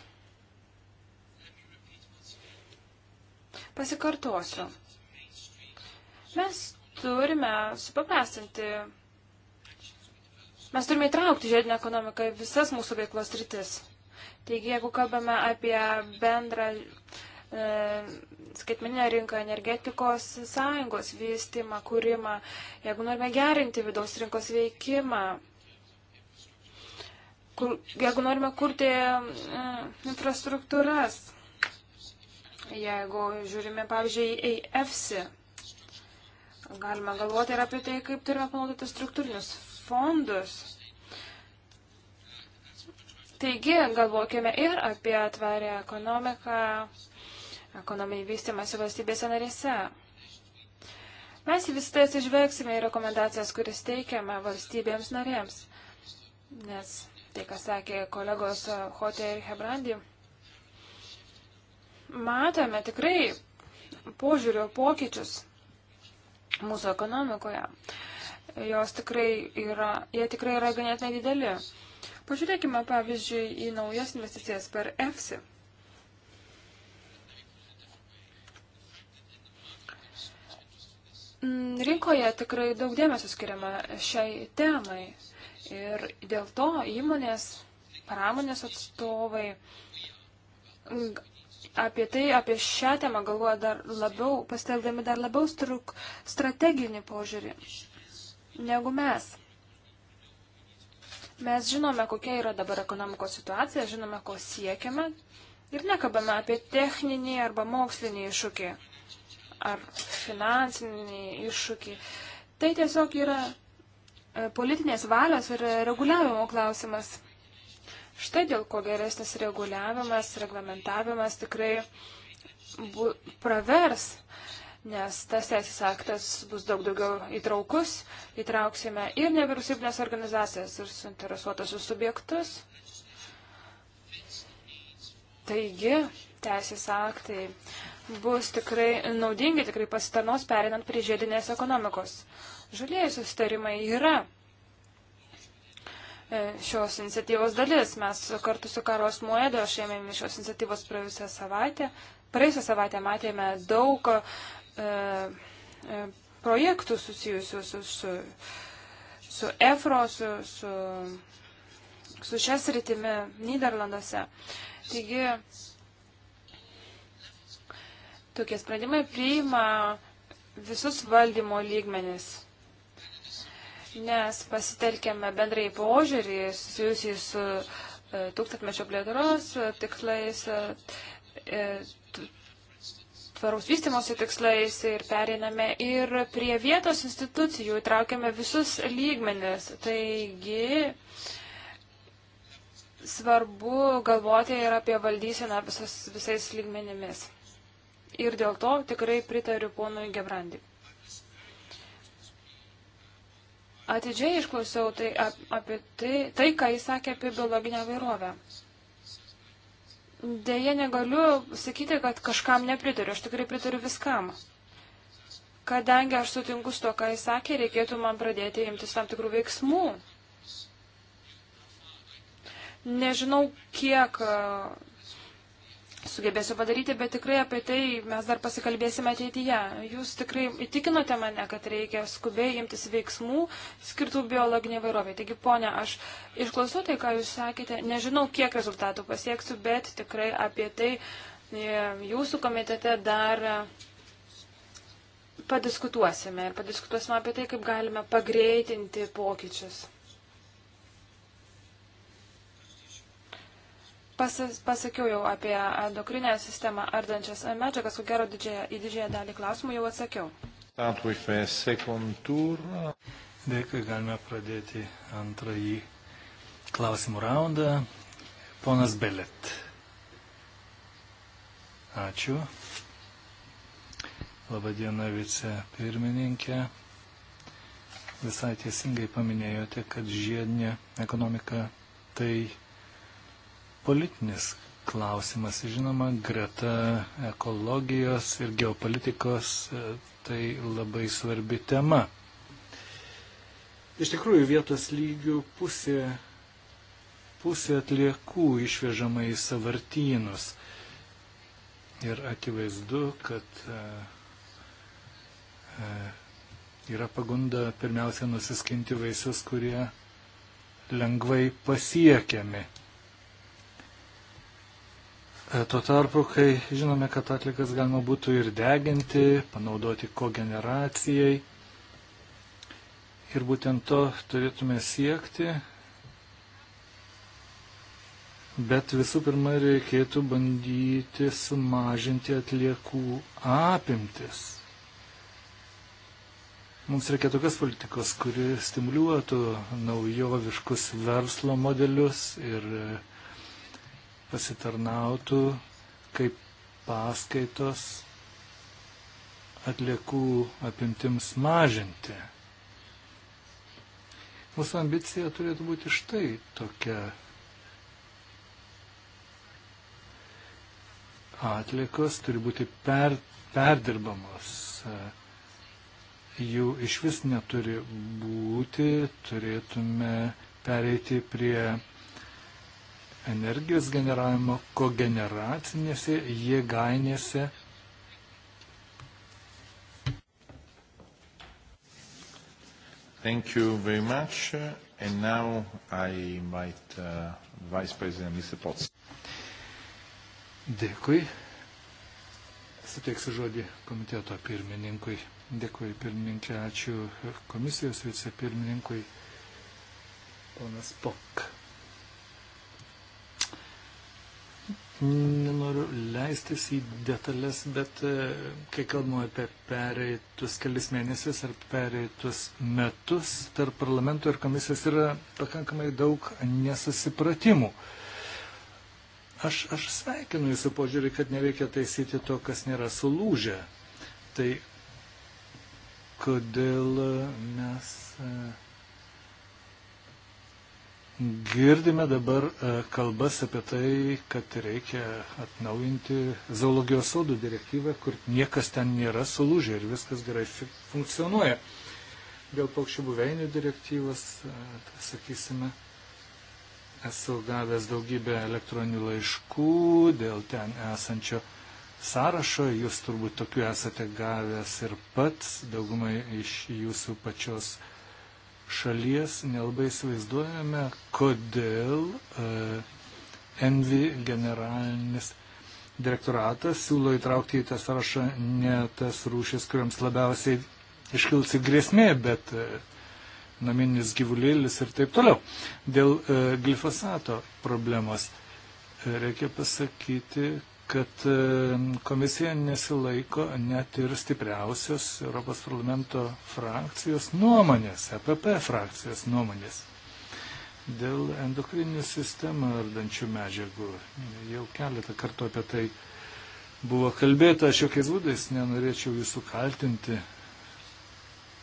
Pasikartosiu. Mes turime supaprastinti, mes turime įtraukti žiedinę ekonomiką į visas mūsų veiklos rytis. Taigi, jeigu kalbame apie bendrą e, skaitmeninę rinką, energetikos sąjungos vystimą, kūrimą, jeigu norime gerinti vidaus rinkos veikimą, kur, jeigu norime kurti e, infrastruktūras, Jeigu žiūrime, pavyzdžiui, į EFSI, galima galvoti ir apie tai, kaip turime panaudoti struktūrinius fondus. Taigi, galvokime ir apie tvarę ekonomiką, ekonominį vystimąsi valstybėse narėse. Mes į visą tai atsižvelgsime į rekomendacijas, kuris teikiame valstybėms narėms. Nes tai, ką sakė kolegos Hotė ir Hebrandi, matome tikrai požiūrio pokyčius mūsų ekonomikoje. Jos tikrai yra, jie tikrai yra ganėtinai dideli. Pažiūrėkime, pavyzdžiui, į naujas investicijas per EFSI. Mm, rinkoje tikrai daug dėmesio skiriama šiai temai ir dėl to įmonės, pramonės atstovai apie tai, apie šią temą galvoja dar labiau, pasitelkdami dar labiau struk, strateginį požiūrį negu mes. Mes žinome, kokia yra dabar ekonomikos situacija, žinome, ko siekiame ir nekabame apie techninį arba mokslinį iššūkį ar finansinį iššūkį. Tai tiesiog yra e, politinės valios ir reguliavimo klausimas. Štai dėl ko geresnis reguliavimas, reglamentavimas tikrai bu, pravers, nes tas teisės aktas bus daug daugiau įtraukus, įtrauksime ir nevyriausybinės organizacijas, ir suinteresuotosius subjektus. Taigi, teisės aktai bus tikrai naudingi, tikrai pasitarnos perinant prie žiedinės ekonomikos. Žalieji susitarimai yra E, šios iniciatyvos dalis. Mes kartu su Karos Moedo šėmėme šios iniciatyvos praėjusią savaitę. Praėjusią savaitę matėme daug e, e, projektų susijusių su, su, su EFRO, su, su, su šias rytimi Niderlanduose. Taigi, tokie sprendimai priima visus valdymo lygmenis nes pasitelkėme bendrai požiūrį susijusį su e, tūkstantmečio plėtros e, tikslais, e, tvaraus vystimosi tikslais ir pereiname ir prie vietos institucijų, įtraukiame visus lygmenis. Taigi svarbu galvoti ir apie valdyseną visas, visais lygmenimis. Ir dėl to tikrai pritariu ponui Gebrandi. atidžiai išklausiau tai, ap, apie tai, tai, ką jis sakė apie biologinę vairovę. Deja, negaliu sakyti, kad kažkam nepritariu. Aš tikrai pritariu viskam. Kadangi aš sutinku su to, ką jis sakė, reikėtų man pradėti imtis tam tikrų veiksmų. Nežinau, kiek sugebėsiu padaryti, bet tikrai apie tai mes dar pasikalbėsime ateityje. Jūs tikrai įtikinote mane, kad reikia skubiai imtis veiksmų skirtų biologinė vairovė. Taigi, ponia, aš išklausau tai, ką jūs sakėte. Nežinau, kiek rezultatų pasieksiu, bet tikrai apie tai e, jūsų komitete dar padiskutuosime ir padiskutuosime apie tai, kaip galime pagreitinti pokyčius. Pasas, pasakiau jau apie endokrinę sistemą ardančias medžiagas, ko gero didžiąją, į didžiąją dalį klausimų jau atsakiau. Dėkui, galime pradėti antrąjį klausimų raundą. Ponas Belet. Ačiū. Labadiena vice pirmininkė. Visai tiesingai paminėjote, kad žiedinė ekonomika tai politinis klausimas. Žinoma, greta ekologijos ir geopolitikos e, tai labai svarbi tema. Iš tikrųjų, vietos lygių pusė, pusė atliekų išvežama į savartynus. Ir akivaizdu, kad e, e, yra pagunda pirmiausia nusiskinti vaisius, kurie lengvai pasiekiami. E, tuo tarpu, kai žinome, kad atlikas galima būtų ir deginti, panaudoti kogeneracijai. Ir būtent to turėtume siekti. Bet visų pirma, reikėtų bandyti sumažinti atliekų apimtis. Mums reikia tokios politikos, kuri stimuliuotų naujoviškus verslo modelius ir pasitarnautų kaip paskaitos atliekų apimtims mažinti. Mūsų ambicija turėtų būti štai tokia. Atlikos turi būti per, perdirbamos. Jų iš vis neturi būti, turėtume pereiti prie energijos generavimo kogeneracinėse jėgainėse. Thank you very much. And now I invite uh, Vice President Mr. Potts. Dėkui. Suteiksiu žodį komiteto pirmininkui. Dėkui pirmininkė, ačiū komisijos vicepirmininkui, ponas Pok. Nenoriu leistis į detalės, bet e, kai kalbame apie pereitus kelis mėnesius ar pereitus metus, tarp parlamento ir komisijos yra pakankamai daug nesusipratimų. Aš, aš sveikinu jūsų požiūrį, kad nereikia taisyti to, kas nėra sulūžę. Tai kodėl mes. E, Girdime dabar e, kalbas apie tai, kad reikia atnaujinti zoologijos sodų direktyvą, kur niekas ten nėra sulūžę ir viskas gerai funkcionuoja. Dėl paukščių buveinių direktyvos, tai, sakysime, esu gavęs daugybę elektroninių laiškų dėl ten esančio sąrašo. Jūs turbūt tokių esate gavęs ir pats, daugumai iš jūsų pačios šalies nelabai įsivaizduojame, kodėl e, Envi generalinis direktoratas siūlo įtraukti į tą sąrašą ne tas rūšis, kuriams labiausiai iškilsi grėsmė, bet e, naminis gyvulėlis ir taip toliau. Dėl e, glifosato problemos reikia pasakyti, kad komisija nesilaiko net ir stipriausios Europos parlamento frakcijos nuomonės, EPP frakcijos nuomonės dėl endokrininių sistemą ardančių medžiagų. Jau keletą kartų apie tai buvo kalbėta, aš jokiais būdais nenorėčiau jūsų kaltinti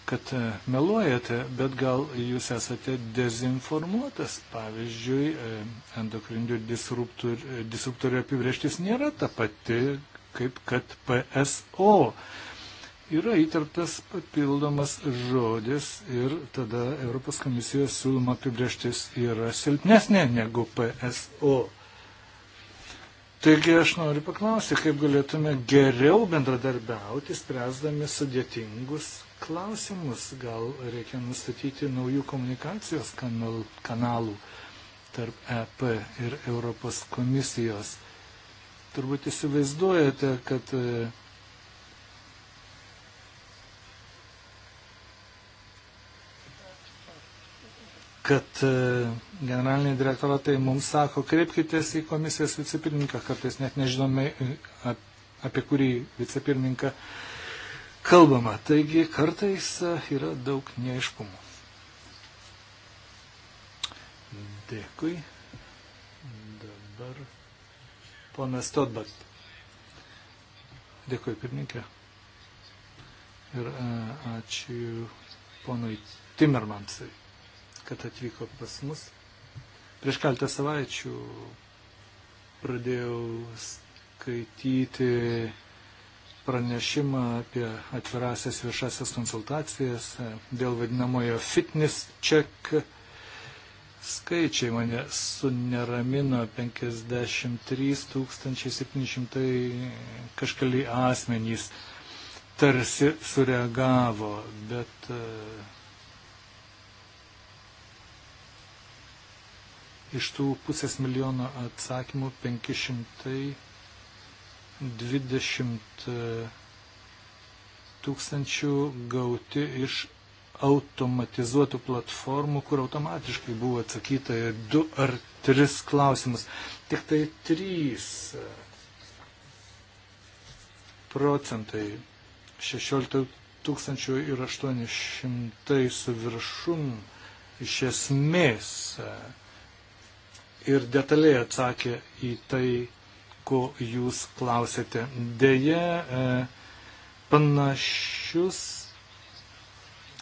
kad e, meluojate, bet gal jūs esate dezinformuotas. Pavyzdžiui, e, endokrinių disruptorių apibrieštis nėra ta pati, kaip kad PSO. Yra įtartas papildomas žodis ir tada Europos komisijos siūloma apibrieštis yra silpnesnė negu PSO. Taigi aš noriu paklausti, kaip galėtume geriau bendradarbiauti, spręsdami sudėtingus klausimus, gal reikia nustatyti naujų komunikacijos kanalų tarp EP ir Europos komisijos. Turbūt įsivaizduojate, kad kad e, generaliniai direktoratai mums sako, kreipkitės į komisijos vicepirmininką, kartais net nežinome, e, apie kurį vicepirmininką kalbama. Taigi kartais e, yra daug neaiškumų. Dėkui. Dabar ponas Todbas. Dėkui, pirmininkė. Ir e, ačiū ponui Timermansai, kad atvyko pas mus. Prieš keltą savaičių pradėjau skaityti pranešimą apie atvirasias viešasias konsultacijas e, dėl vadinamojo fitness check. Skaičiai mane suneramino 53 700 kažkali asmenys tarsi sureagavo, bet e, iš tų pusės milijono atsakymų 500 20 e, tūkstančių gauti iš automatizuotų platformų, kur automatiškai buvo atsakyta du ar tris klausimus. Tik tai trys e, procentai 16 tūkstančių ir 800 su viršum iš esmės e, ir detaliai atsakė į tai, ko jūs klausėte. Deja, e, panašius,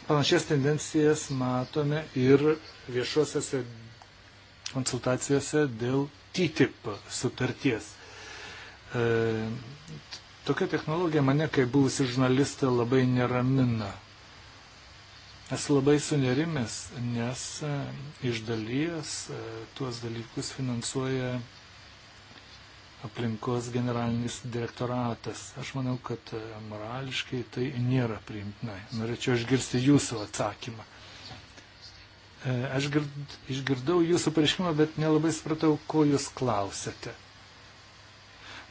panašias tendencijas matome ir viešuosiuose konsultacijose dėl TTIP sutarties. E, tokia technologija mane, kaip buvusi žurnalista, labai neramina. Esu labai sunerimęs, nes e, iš dalies tuos dalykus finansuoja aplinkos generalinis direktoratas. Aš manau, kad e, morališkai tai nėra priimtina. Norėčiau išgirsti jūsų atsakymą. E, aš gird, išgirdau jūsų pareiškimą, bet nelabai supratau, ko jūs klausėte.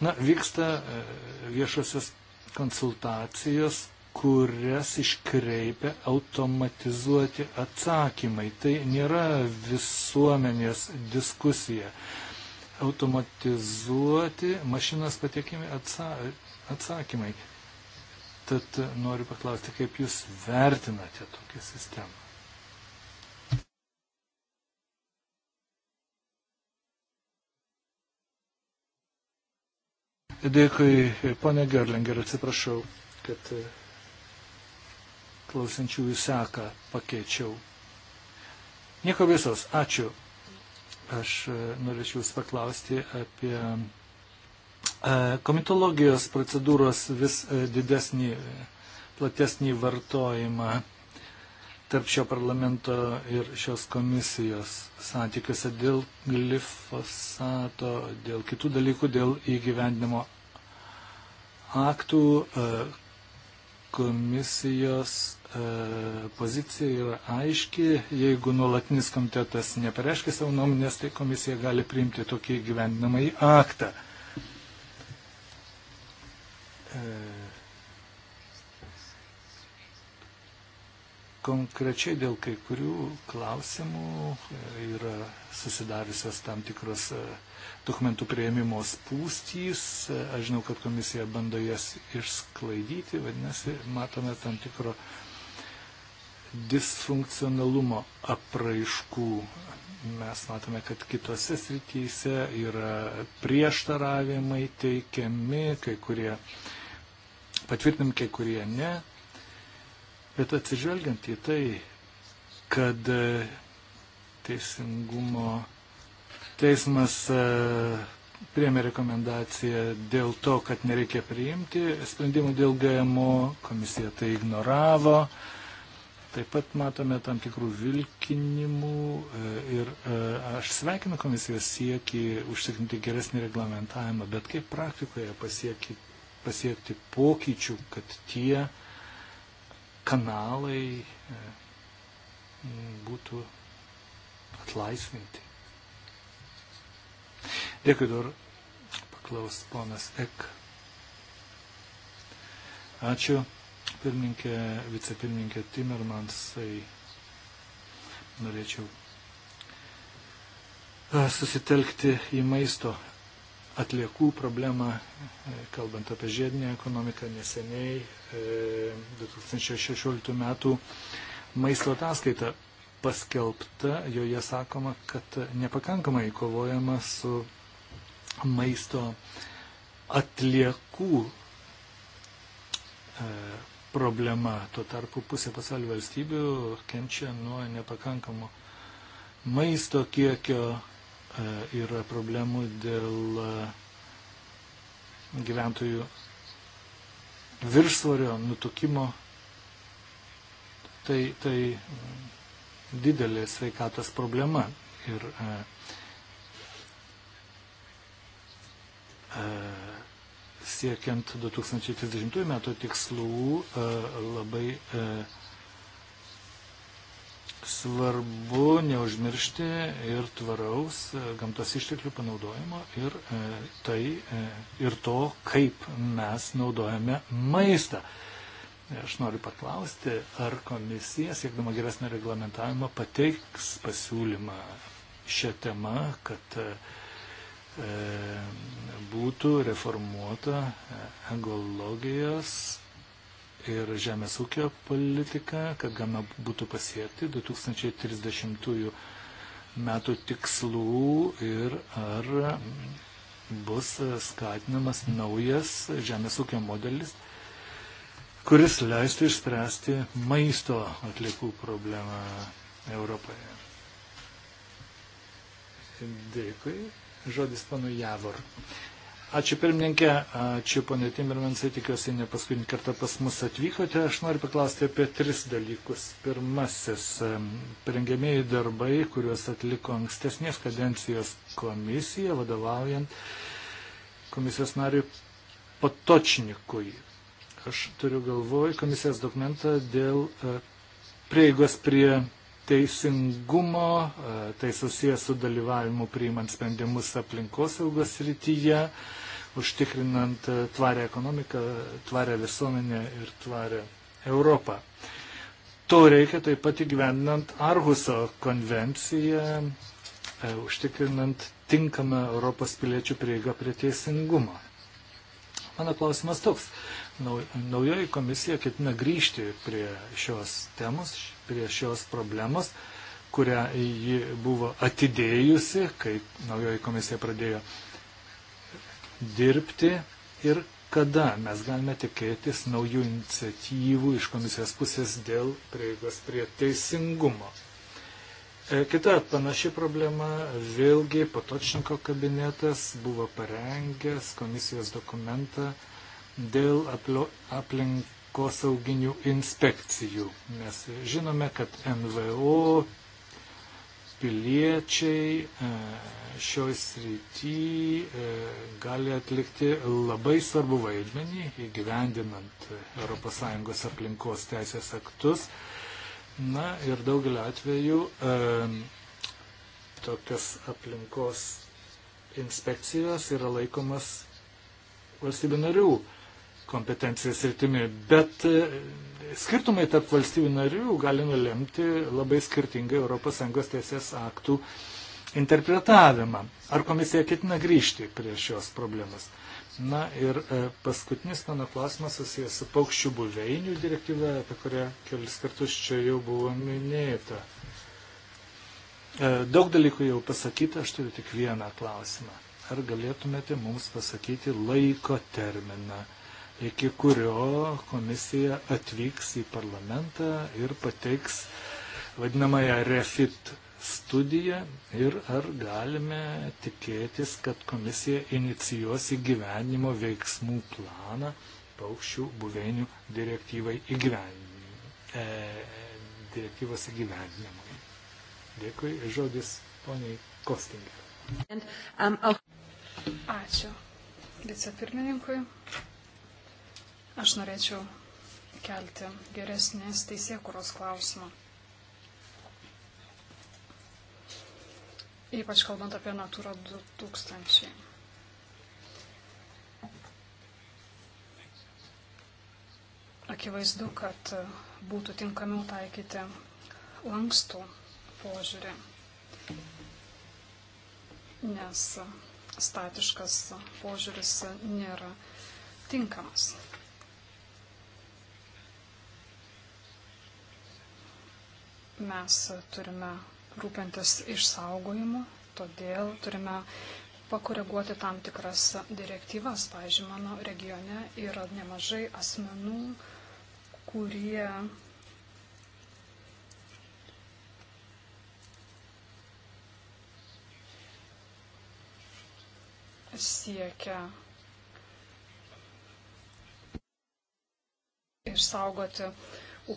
Na, vyksta e, viešosios konsultacijos, kurias iškreipia automatizuoti atsakymai. Tai nėra visuomenės diskusija automatizuoti mašinas patekimi atsa, atsakymai. Tad noriu paklausti, kaip Jūs vertinate tokią sistemą? Dėkui, ponė Gerlinger, atsiprašau, kad e, klausančiųjų seka pakeičiau. Nieko visos, ačiū. Aš e, norėčiau Jūs paklausti apie e, komitologijos procedūros vis e, didesnį, platesnį vartojimą tarp šio parlamento ir šios komisijos santykiuose dėl glifosato, dėl kitų dalykų, dėl įgyvendinimo aktų komisijos pozicija yra aiški, jeigu nuolatinis komitetas nepareiškia savo nuomonės, tai komisija gali priimti tokį gyvendinamąjį aktą. E, konkrečiai dėl kai kurių klausimų e, yra susidariusios tam tikros e, dokumentų prieimimo spūstys. Aš žinau, kad komisija bando jas išsklaidyti, vadinasi, matome tam tikro uh, disfunkcionalumo apraiškų. Mes matome, kad kitose srityse yra prieštaravimai teikiami, kai kurie patvirtinami, kai kurie ne. Bet atsižvelgiant į tai, kad e, teisingumo teismas e, priemė rekomendaciją dėl to, kad nereikia priimti sprendimų dėl GMO, komisija tai ignoravo, Taip pat matome tam tikrų vilkinimų e, ir e, aš sveikinu komisijos siekį užsikrinti geresnį reglamentavimą, bet kaip praktikoje pasiekti, pasiekti pokyčių, kad tie kanalai e, būtų atlaisvinti. Dėkui dar, paklaus ponas Ek. Ačiū pirmininkė, vicepirmininkė Timmermansai norėčiau e, susitelkti į maisto atliekų problemą, e, kalbant apie žiedinę ekonomiką, neseniai 2016 e, metų maisto ataskaita paskelbta, joje sakoma, kad nepakankamai kovojama su maisto atliekų problema. Tuo tarpu pusė pasaulio valstybių kenčia nuo nepakankamo maisto kiekio, e, yra problemų dėl e, gyventojų viršsvario, nutukimo. Tai, tai didelė sveikatos problema. Ir, e, e, siekiant 2030 metų tikslų e, labai e, svarbu neužmiršti ir tvaraus e, gamtos išteklių panaudojimo ir, tai, ir to, kaip mes naudojame maistą. Aš noriu paklausti, ar komisija, siekdama geresnio reglamentavimo, pateiks pasiūlymą šią temą, kad uh, E, būtų reformuota ekologijos ir žemės ūkio politika, kad galima būtų pasiekti 2030 metų tikslų ir ar bus skatinamas naujas žemės ūkio modelis, kuris leistų išspręsti maisto atliekų problemą Europoje. Dėkui. Žodis panu Javor. Ačiū pirmininkė, ačiū ponė Timirmansai, tikiuosi ne paskutinį kartą pas mus atvykote. Aš noriu paklausti apie tris dalykus. Pirmasis - parengėmėjai darbai, kuriuos atliko ankstesnės kadencijos komisija, vadovaujant komisijos nariui Patočnikui. Aš turiu galvoj komisijos dokumentą dėl e, prieigos prie teisingumo, e, tai susijęs su dalyvavimu priimant sprendimus aplinkosaugos rytyje, užtikrinant e, tvarę ekonomiką, tvarę visuomenę ir tvarę Europą. To reikia taip pat įgyvendinant Arhuso konvenciją, e, užtikrinant tinkamą Europos piliečių prieigą prie teisingumo. Mano klausimas toks. Naujoji komisija ketina grįžti prie šios temos, prie šios problemos, kurią ji buvo atidėjusi, kai naujoji komisija pradėjo dirbti ir kada mes galime tikėtis naujų iniciatyvų iš komisijos pusės dėl prieigos prie teisingumo. E, kita panaši problema, vėlgi Patočinko kabinetas buvo parengęs komisijos dokumentą dėl aplinko aplinkosauginių inspekcijų. Mes žinome, kad NVO piliečiai e, šioj srity e, gali atlikti labai svarbu vaidmenį įgyvendinant ES aplinkos teisės aktus. Na ir daugelį atvejų e, tokios aplinkos inspekcijos yra laikomas valstybių narių kompetencijos rytimi, bet e, skirtumai tarp valstybių narių gali nulemti labai skirtingai ES teisės aktų interpretavimą. Ar komisija ketina grįžti prie šios problemas? Na ir e, paskutinis mano klausimas susijęs su paukščių buveinių direktyva, apie kurią kelis kartus čia jau buvo minėta. E, daug dalykų jau pasakyta, aš turiu tik vieną klausimą. Ar galėtumėte mums pasakyti laiko terminą? iki kurio komisija atvyks į parlamentą ir pateiks vadinamąją refit studiją ir ar galime tikėtis, kad komisija inicijuos įgyvenimo veiksmų planą paukščių buveinių direktyvai įgyvenimui. E, direktyvos įgyvendinimui. Dėkui, žodis poniai Kostinger. Um, oh. Ačiū vicepirmininkui. Aš norėčiau kelti geresnės teisėkuros klausimą. Ypač kalbant apie Natūra 2000. Akivaizdu, kad būtų tinkamiau taikyti lankstų požiūrį, nes statiškas požiūris nėra tinkamas. Mes turime rūpintis išsaugojimu, todėl turime pakoreguoti tam tikras direktyvas. Pavyzdžiui, mano regione yra nemažai asmenų, kurie siekia išsaugoti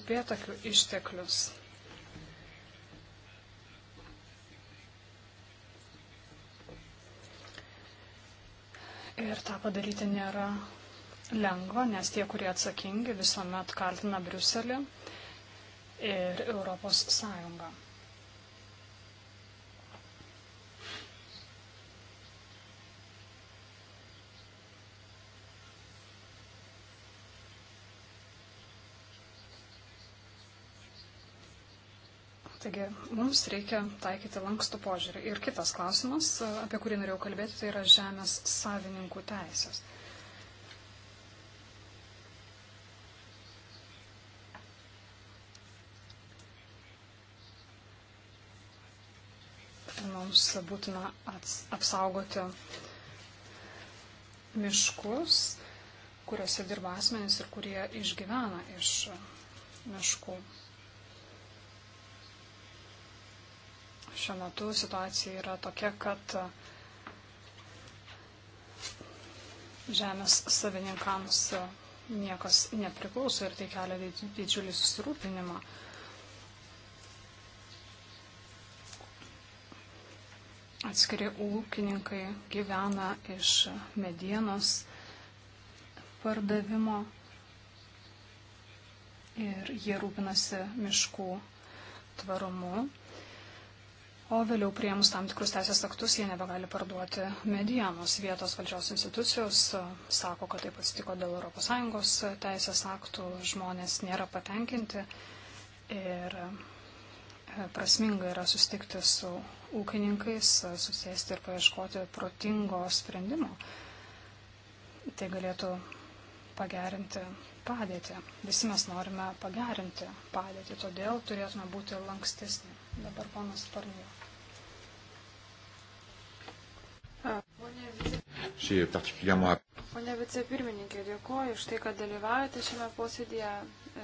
upėtakių išteklius. Ir tą padaryti nėra lengva, nes tie, kurie atsakingi, visuomet kaltina Briuselį ir Europos Sąjungą. Taigi mums reikia taikyti lankstų požiūrį. Ir kitas klausimas, apie kurį norėjau kalbėti, tai yra žemės savininkų teisės. Mums būtina apsaugoti miškus, kuriuose dirba asmenys ir kurie išgyvena iš miškų Šiuo metu situacija yra tokia, kad e, žemės savininkams e, niekas nepriklauso ir tai kelia didžiulį susirūpinimą. Atskiri ūkininkai gyvena iš medienos pardavimo ir jie rūpinasi miškų tvarumu o vėliau prieimus tam tikrus teisės aktus jie nebegali parduoti medienos. Vietos valdžios institucijos sako, kad taip atsitiko dėl ES teisės aktų, žmonės nėra patenkinti ir e, prasminga yra sustikti su ūkininkais, susėsti ir paieškoti protingo sprendimo. Tai galėtų pagerinti padėtį. Visi mes norime pagerinti padėtį, todėl turėtume būti lankstesni. Dabar ponas Parnijo. Pone vicepirmininkė, dėkoju už tai, kad dalyvaujate šiame posėdėje.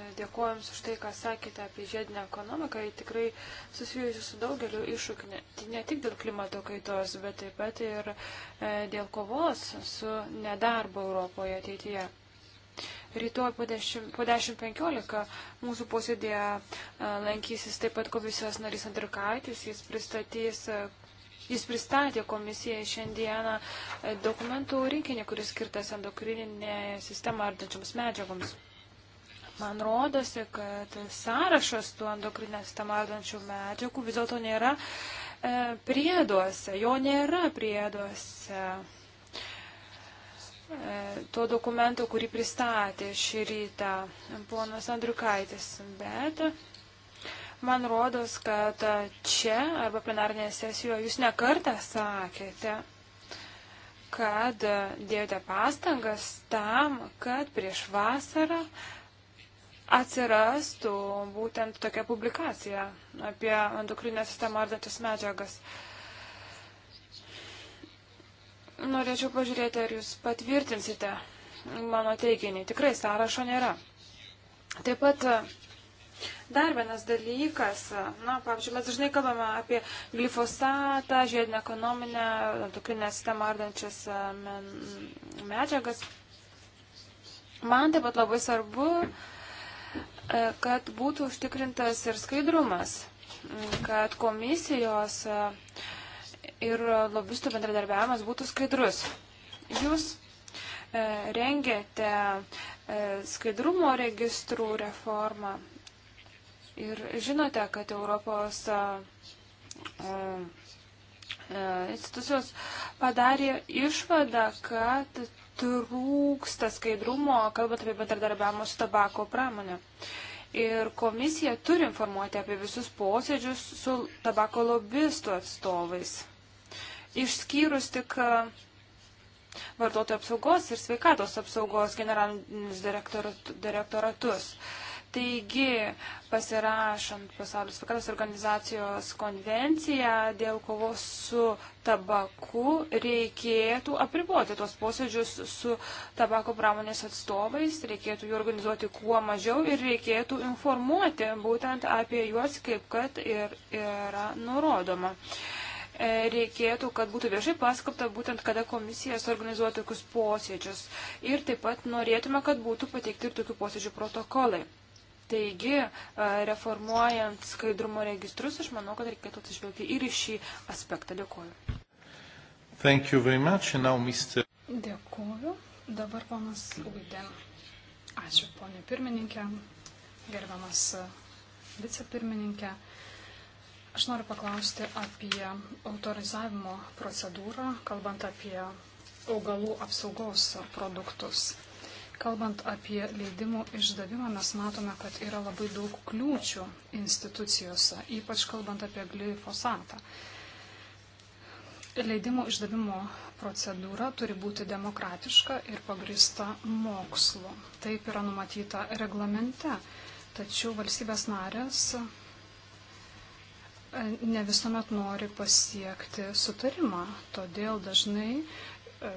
E, dėkoju Jums už tai, ką sakėte apie žiedinę ekonomiką. Ji tikrai susijusi su daugeliu iššūkių, ne, tai ne tik dėl klimato kaitos, bet taip pat ir e, dėl kovos su nedarbo Europoje ateityje. Rytoj po 10.15 mūsų posėdėje e, lankysis taip pat komisijos narys Andrikaitis, jis pristatys Jis pristatė komisijai šiandieną e, dokumentų rinkinį, kuris skirtas endokrininė sistema ardančioms medžiagoms. Man rodosi, kad sąrašas tų endokrinę sistemą ardančių medžiagų vis dėlto nėra e, prieduose, jo nėra prieduose. E, to dokumento, kurį pristatė šį rytą ponas Andriukaitis, bet Man rodos, kad čia arba plenarnėje sesijoje jūs nekartą sakėte, kad dėjote pastangas tam, kad prieš vasarą atsirastų būtent tokia publikacija apie endokrinę sistemą ardantis medžiagas. Norėčiau pažiūrėti, ar jūs patvirtinsite mano teiginį. Tikrai sąrašo nėra. Taip pat Dar vienas dalykas, na, pavyzdžiui, mes dažnai kalbame apie glifosatą, žiedinę ekonominę, endokrinę sistemą ardančias e, medžiagas. Man taip pat labai svarbu, e, kad būtų užtikrintas ir skaidrumas, kad komisijos e, ir lobistų bendradarbiavimas būtų skaidrus. Jūs rengėte skaidrumo registrų reformą. Ir žinote, kad Europos institucijos padarė išvadą, kad trūksta skaidrumo, kalbant apie bendradarbiavimo su tabako pramonė. Ir komisija turi informuoti apie visus posėdžius su tabako lobistų atstovais. Išskyrus tik vartotojų apsaugos ir sveikatos apsaugos generalinius direktoratus. Taigi, pasirašant Pasaulio sveikatos organizacijos konvenciją dėl kovos su tabaku, reikėtų apriboti tuos posėdžius su tabako pramonės atstovais, reikėtų jų organizuoti kuo mažiau ir reikėtų informuoti būtent apie juos, kaip kad ir yra nurodoma. E, reikėtų, kad būtų viešai paskapta būtent, kada komisija suorganizuoja tokius posėdžius. Ir taip pat norėtume, kad būtų pateikti ir tokių posėdžių protokolai. Taigi, e, reformuojant skaidrumo registrus, aš manau, kad reikėtų atsižvelgti ir į šį aspektą. Dėkuoju. Thank you very much. And now, Mr. Dėkuoju. Dabar ponas Uden. Ačiū, ponė pirmininkė, gerbiamas e, vicepirmininkė. Aš noriu paklausti apie autorizavimo procedūrą, kalbant apie augalų apsaugos produktus. Kalbant apie leidimų išdavimą, mes matome, kad yra labai daug kliūčių institucijose, ypač kalbant apie glifosatą. Leidimų išdavimo procedūra turi būti demokratiška ir pagrista mokslu. Taip yra numatyta reglamente, tačiau valstybės narės e, ne visuomet nori pasiekti sutarimą, todėl dažnai e,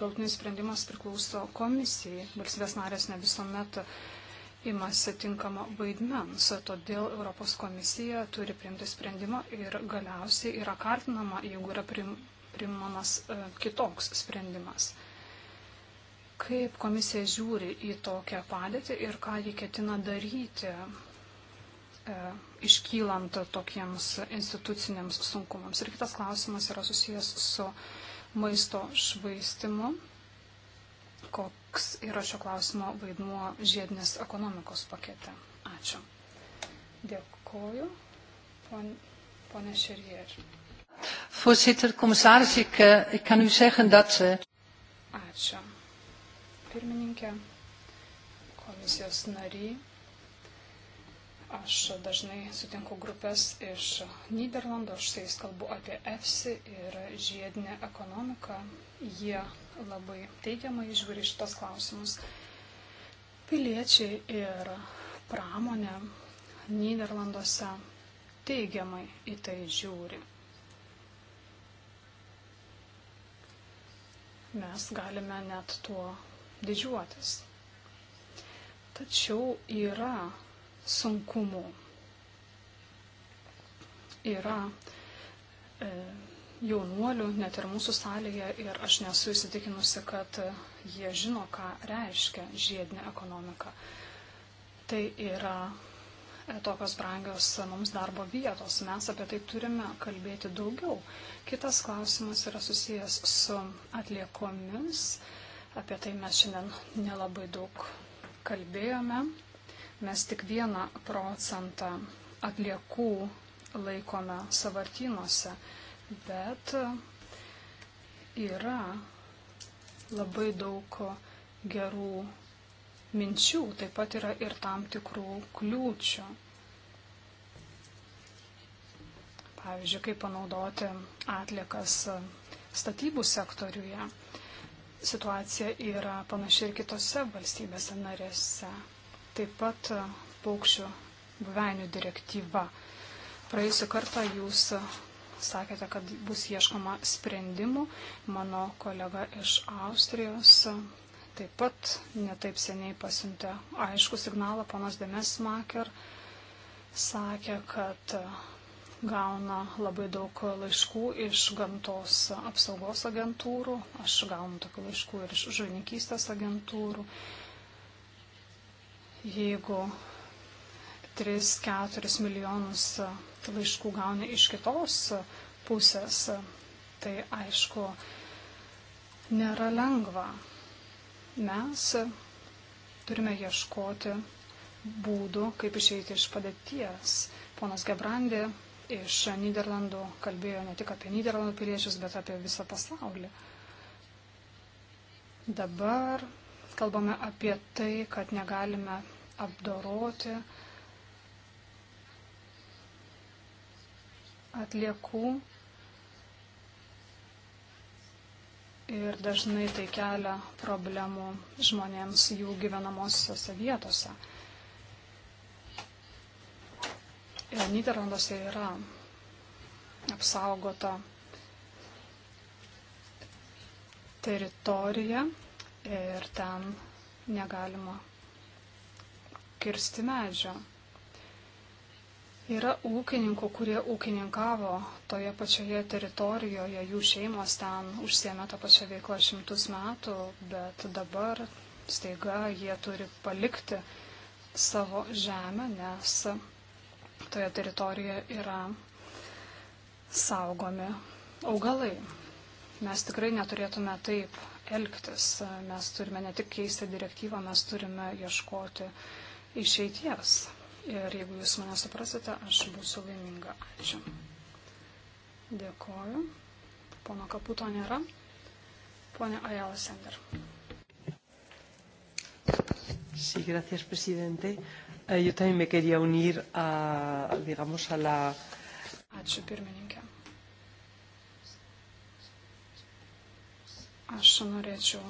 galtinis sprendimas priklauso komisijai. Valstybės narės ne visuomet imasi tinkamo vaidmens, todėl Europos komisija turi priimti sprendimą ir galiausiai yra kaltinama, jeigu yra prim, priimamas e, kitoks sprendimas. Kaip komisija žiūri į tokią padėtį ir ką jį ketina daryti, e, iškylant tokiems instituciniams sunkumams. Ir kitas klausimas yra susijęs su. So maisto švaistimu, koks yra šio klausimo vaidmuo žiedinės ekonomikos pakete. Ačiū. Dėkoju, pon, ponė Šerier. Voorzitter, commissaris, ik, eh, ik kan u zeggen dat. Eh, Ačiū. Pirmininkė, komisijos nariai. Aš dažnai sutinku grupės iš Niderlandų, aš su jais kalbu apie EFSI ir žiedinę ekonomiką. Jie labai teigiamai žiūri šitos klausimus. Piliečiai ir pramonė Niderlanduose teigiamai į tai žiūri. Mes galime net tuo didžiuotis. Tačiau yra sunkumų. Yra e, jaunuolių, net ir mūsų salėje, ir aš nesu įsitikinusi, kad jie žino, ką reiškia žiedinė ekonomika. Tai yra e, tokios brangios mums darbo vietos. Mes apie tai turime kalbėti daugiau. Kitas klausimas yra susijęs su atliekomis. Apie tai mes šiandien nelabai daug kalbėjome. Mes tik vieną procentą atliekų laikome savartynuose, bet yra labai daug gerų minčių, taip pat yra ir tam tikrų kliūčių. Pavyzdžiui, kaip panaudoti atliekas statybų sektoriuje. Situacija yra panaši ir kitose valstybėse narėse taip pat e, paukščių buveinių direktyva. Praėjusią kartą jūs e, sakėte, kad bus ieškoma sprendimų. Mano kolega iš Austrijos e, taip pat netaip seniai pasiuntė aišku signalą. Ponas Demesmaker sakė, kad gauna labai daug laiškų iš gamtos apsaugos agentūrų, aš gaunu tokių laiškų ir iš žuvininkystės agentūrų. Uh, jeigu 3-4 milijonus laiškų gauni iš kitos pusės, tai aišku, nėra lengva. Mes turime ieškoti būdų, kaip išeiti iš padėties. Ponas Gebrandi iš Niderlandų kalbėjo ne tik apie Niderlandų piliečius, bet apie visą pasaulį. Dabar kalbame apie tai, kad negalime apdoroti atliekų ir dažnai tai kelia problemų žmonėms jų gyvenamosiose vietose. Ir Niderlanduose yra apsaugota teritorija ir ten negalima kirsti medžio. Yra ūkininkų, kurie ūkininkavo toje pačioje teritorijoje, jų šeimos ten užsiemė tą pačią veiklą šimtus metų, bet dabar staiga jie turi palikti savo žemę, nes toje teritorijoje yra saugomi augalai. Mes tikrai neturėtume taip elgtis. Mes turime ne tik keisti direktyvą, mes turime ieškoti uh, išeities. Ir jeigu jūs mane suprasite, aš būsiu laiminga. Ačiū. Dėkoju. Pono Kaputo nėra. Pone Ayala Sender. Sí, gracias, presidente. Eh, yo también me quería unir a, digamos, a la. Ačiū, pirmininkė. Aš norėčiau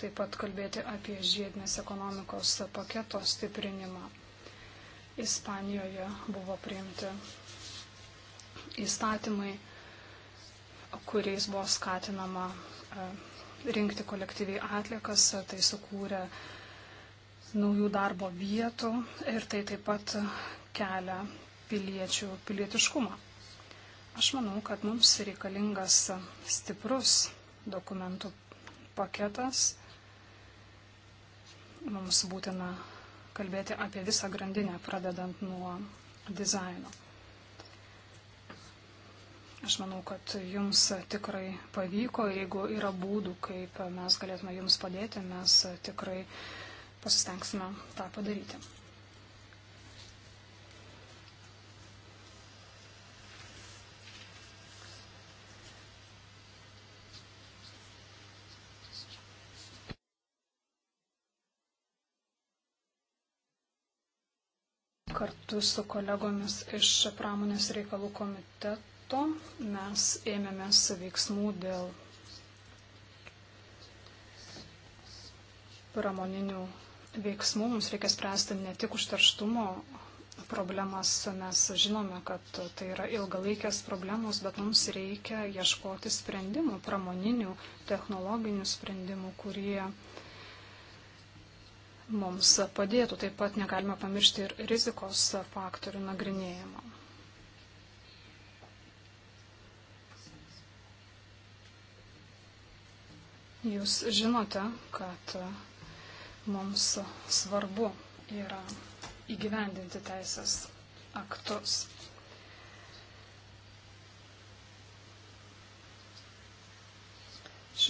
taip pat kalbėti apie žiedinės ekonomikos paketo stiprinimą. Ispanijoje buvo priimti įstatymai, kuriais buvo skatinama e, rinkti kolektyviai atliekas, tai sukūrė naujų darbo vietų ir tai taip pat kelia piliečių pilietiškumą. Aš manau, kad mums reikalingas stiprus dokumentų paketas, mums būtina kalbėti apie visą grandinę, pradedant nuo dizaino. Aš manau, kad jums tikrai pavyko, jeigu yra būdų, kaip mes galėtume jums padėti, mes tikrai pasistengsime tą padaryti. Kartu su kolegomis iš pramonės reikalų komiteto mes ėmėmės veiksmų dėl pramoninių veiksmų. Mums reikia spręsti ne tik užterštumo problemas, mes žinome, kad tai yra ilgalaikės problemos, bet mums reikia ieškoti sprendimų, pramoninių, technologinių sprendimų, kurie mums padėtų. Taip pat negalime pamiršti ir rizikos faktorių nagrinėjimo. Jūs žinote, kad mums svarbu yra įgyvendinti teisės aktus.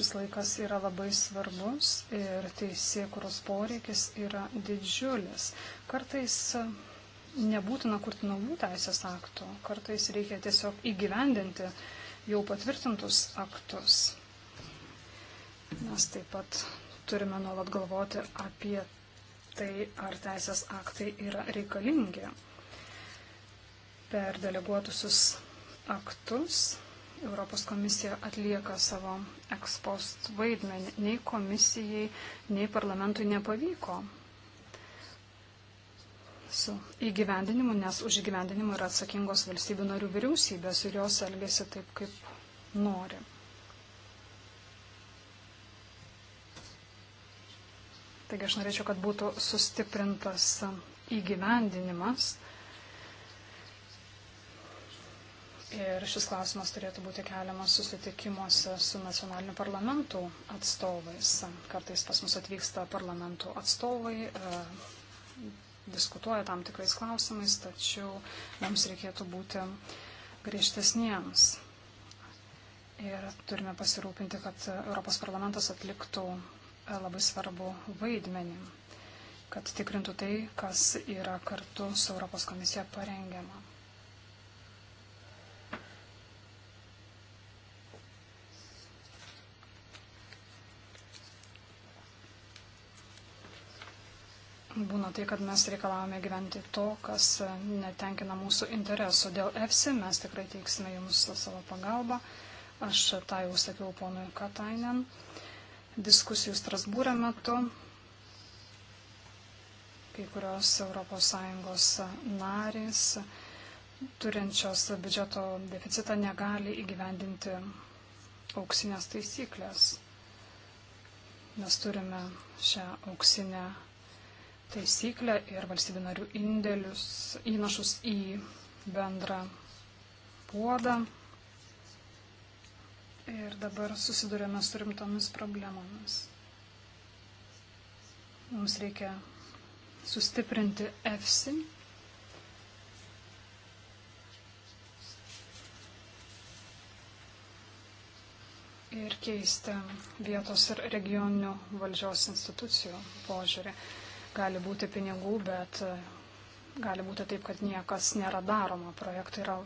šis laikas yra labai svarbus ir teisėkuros poreikis yra didžiulis. Kartais nebūtina kurti naujų teisės aktų, kartais reikia tiesiog įgyvendinti jau patvirtintus aktus. Mes taip pat turime nuolat galvoti apie tai, ar teisės aktai yra reikalingi. Per deleguotusius aktus Europos komisija atlieka savo ekspost vaidmenį. Nei komisijai, nei parlamentui nepavyko su įgyvendinimu, nes už įgyvendinimą yra atsakingos valstybių narių vyriausybės ir jos elgesi taip, kaip nori. Taigi aš norėčiau, kad būtų sustiprintas įgyvendinimas Ir šis klausimas turėtų būti keliamas susitikimuose su nacionaliniu parlamentu atstovais. Kartais pas mus atvyksta parlamentų atstovai, e, diskutuoja tam tikrais klausimais, tačiau mums reikėtų būti griežtesniems. Ir turime pasirūpinti, kad Europos parlamentas atliktų e, labai svarbu vaidmenį, kad tikrintų tai, kas yra kartu su Europos komisija parengiama. būna tai, kad mes reikalavome gyventi to, kas netenkina mūsų interesų. Dėl EFSI mes tikrai teiksime jums savo pagalbą. Aš tą jau sakiau ponui Katainen diskusijų Strasbūrė metu. Kai kurios ES narys turinčios biudžeto deficitą negali įgyvendinti auksinės taisyklės. Mes turime šią auksinę taisyklę taisyklę ir valstybių narių indėlius, įnašus į bendrą puodą. Ir dabar susidurėme su rimtomis problemomis. Mums reikia sustiprinti EFSI. Ir keisti vietos ir regioninių valdžios institucijų požiūrį. Gali būti pinigų, bet e, gali būti taip, kad niekas nėra daroma, projektai yra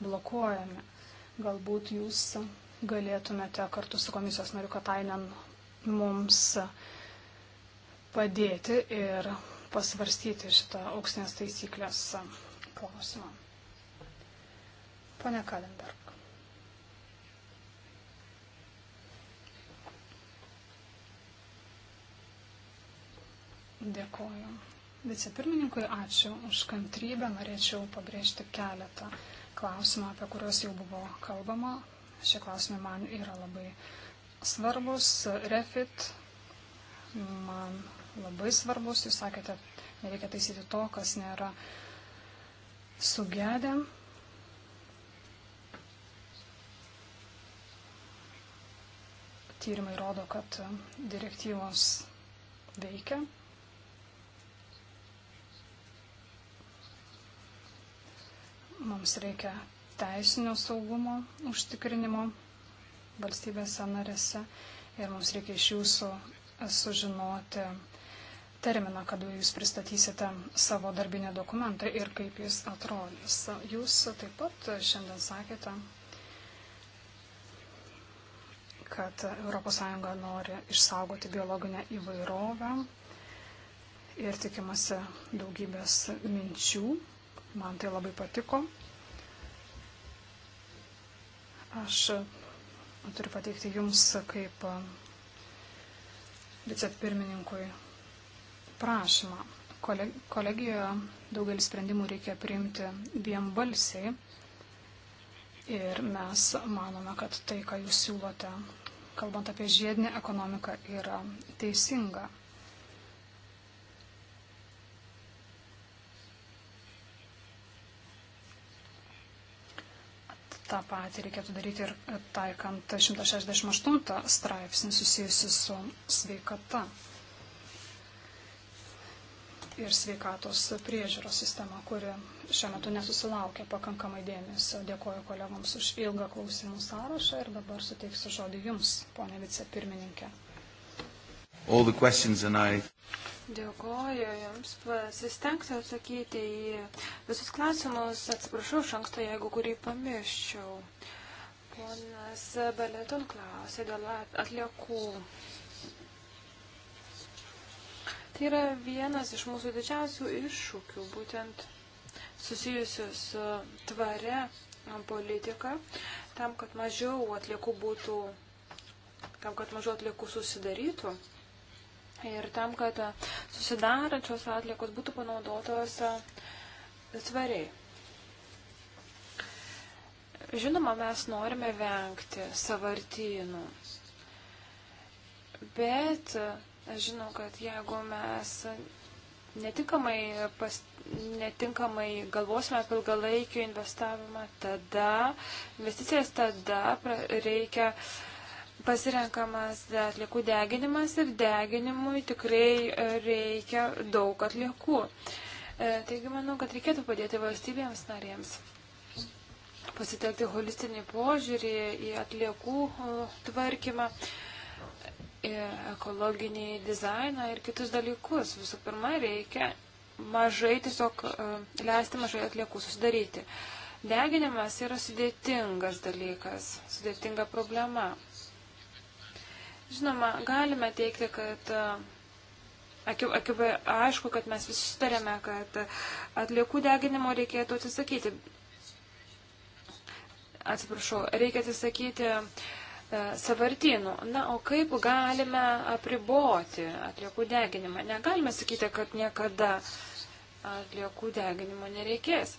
blokuojami. Galbūt jūs galėtumėte kartu su komisijos nariu Katainen mums padėti ir pasvarstyti šitą auksinės taisyklės klausimą. Pone Kalenberg. Dėkoju. Vicepirmininkui ačiū už kantrybę. Norėčiau pabrėžti keletą klausimų, apie kuriuos jau buvo kalbama. Šie klausimai man yra labai svarbus. Refit man labai svarbus. Jūs sakėte, nereikia taisyti to, kas nėra sugedę. Tyrimai rodo, kad direktyvos veikia Mums reikia teisinio saugumo užtikrinimo valstybėse narėse ir mums reikia iš jūsų sužinoti terminą, kada jūs pristatysite savo darbinę dokumentą ir kaip jis atrodys. Jūs taip pat šiandien sakėte, kad ES nori išsaugoti biologinę įvairovę ir tikimasi daugybės minčių Man tai labai patiko. Aš turiu pateikti Jums kaip vicepirmininkui prašymą. Kolegijoje daugelį sprendimų reikia priimti vienbalsiai ir mes manome, kad tai, ką Jūs siūlote, kalbant apie žiedinę ekonomiką, yra teisinga. tą patį reikėtų daryti ir taikant 168 straipsnį susijusi su sveikata ir sveikatos priežiūros sistema, kuri šiuo metu nesusilaukia pakankamai dėmesio. Dėkoju kolegoms už ilgą klausimų sąrašą ir dabar suteiksiu žodį Jums, ponė vicepirmininkė. I... Dėkoju Jums. Pasistengsiu atsakyti į visus klausimus. Atsiprašau iš anksto, jeigu kurį pamirščiau. Ponas Baleton klausė dėl atliekų. Tai yra vienas iš mūsų didžiausių iššūkių, būtent susijusiu su tvare politika, tam, kad mažiau atliekų būtų, tam, kad mažiau atliekų susidarytų ir tam, kad susidarančios atliekos būtų panaudotos svariai. E, Žinoma, mes norime vengti savartynų, bet e, aš žinau, kad jeigu mes netinkamai, pas, netinkamai galvosime apie ilgalaikį investavimą, tada investicijas tada reikia uh, pasirenkamas atliekų deginimas ir deginimui tikrai e, reikia daug atliekų. E, taigi manau, kad reikėtų padėti valstybėms narėms pasitelkti holistinį požiūrį į atliekų e, tvarkymą, ekologinį dizainą ir kitus dalykus. Visų pirma, reikia mažai tiesiog leisti mažai atliekų susidaryti. Deginimas yra sudėtingas dalykas, sudėtinga problema. Žinoma, galime teikti, kad e, akivai aišku, kad mes visi sutarėme, kad atliekų deginimo reikėtų atsisakyti. Atsiprašau, reikia atsisakyti e, savartynų. Na, o kaip galime apriboti atliekų deginimą? Negalime sakyti, kad niekada atliekų deginimo nereikės.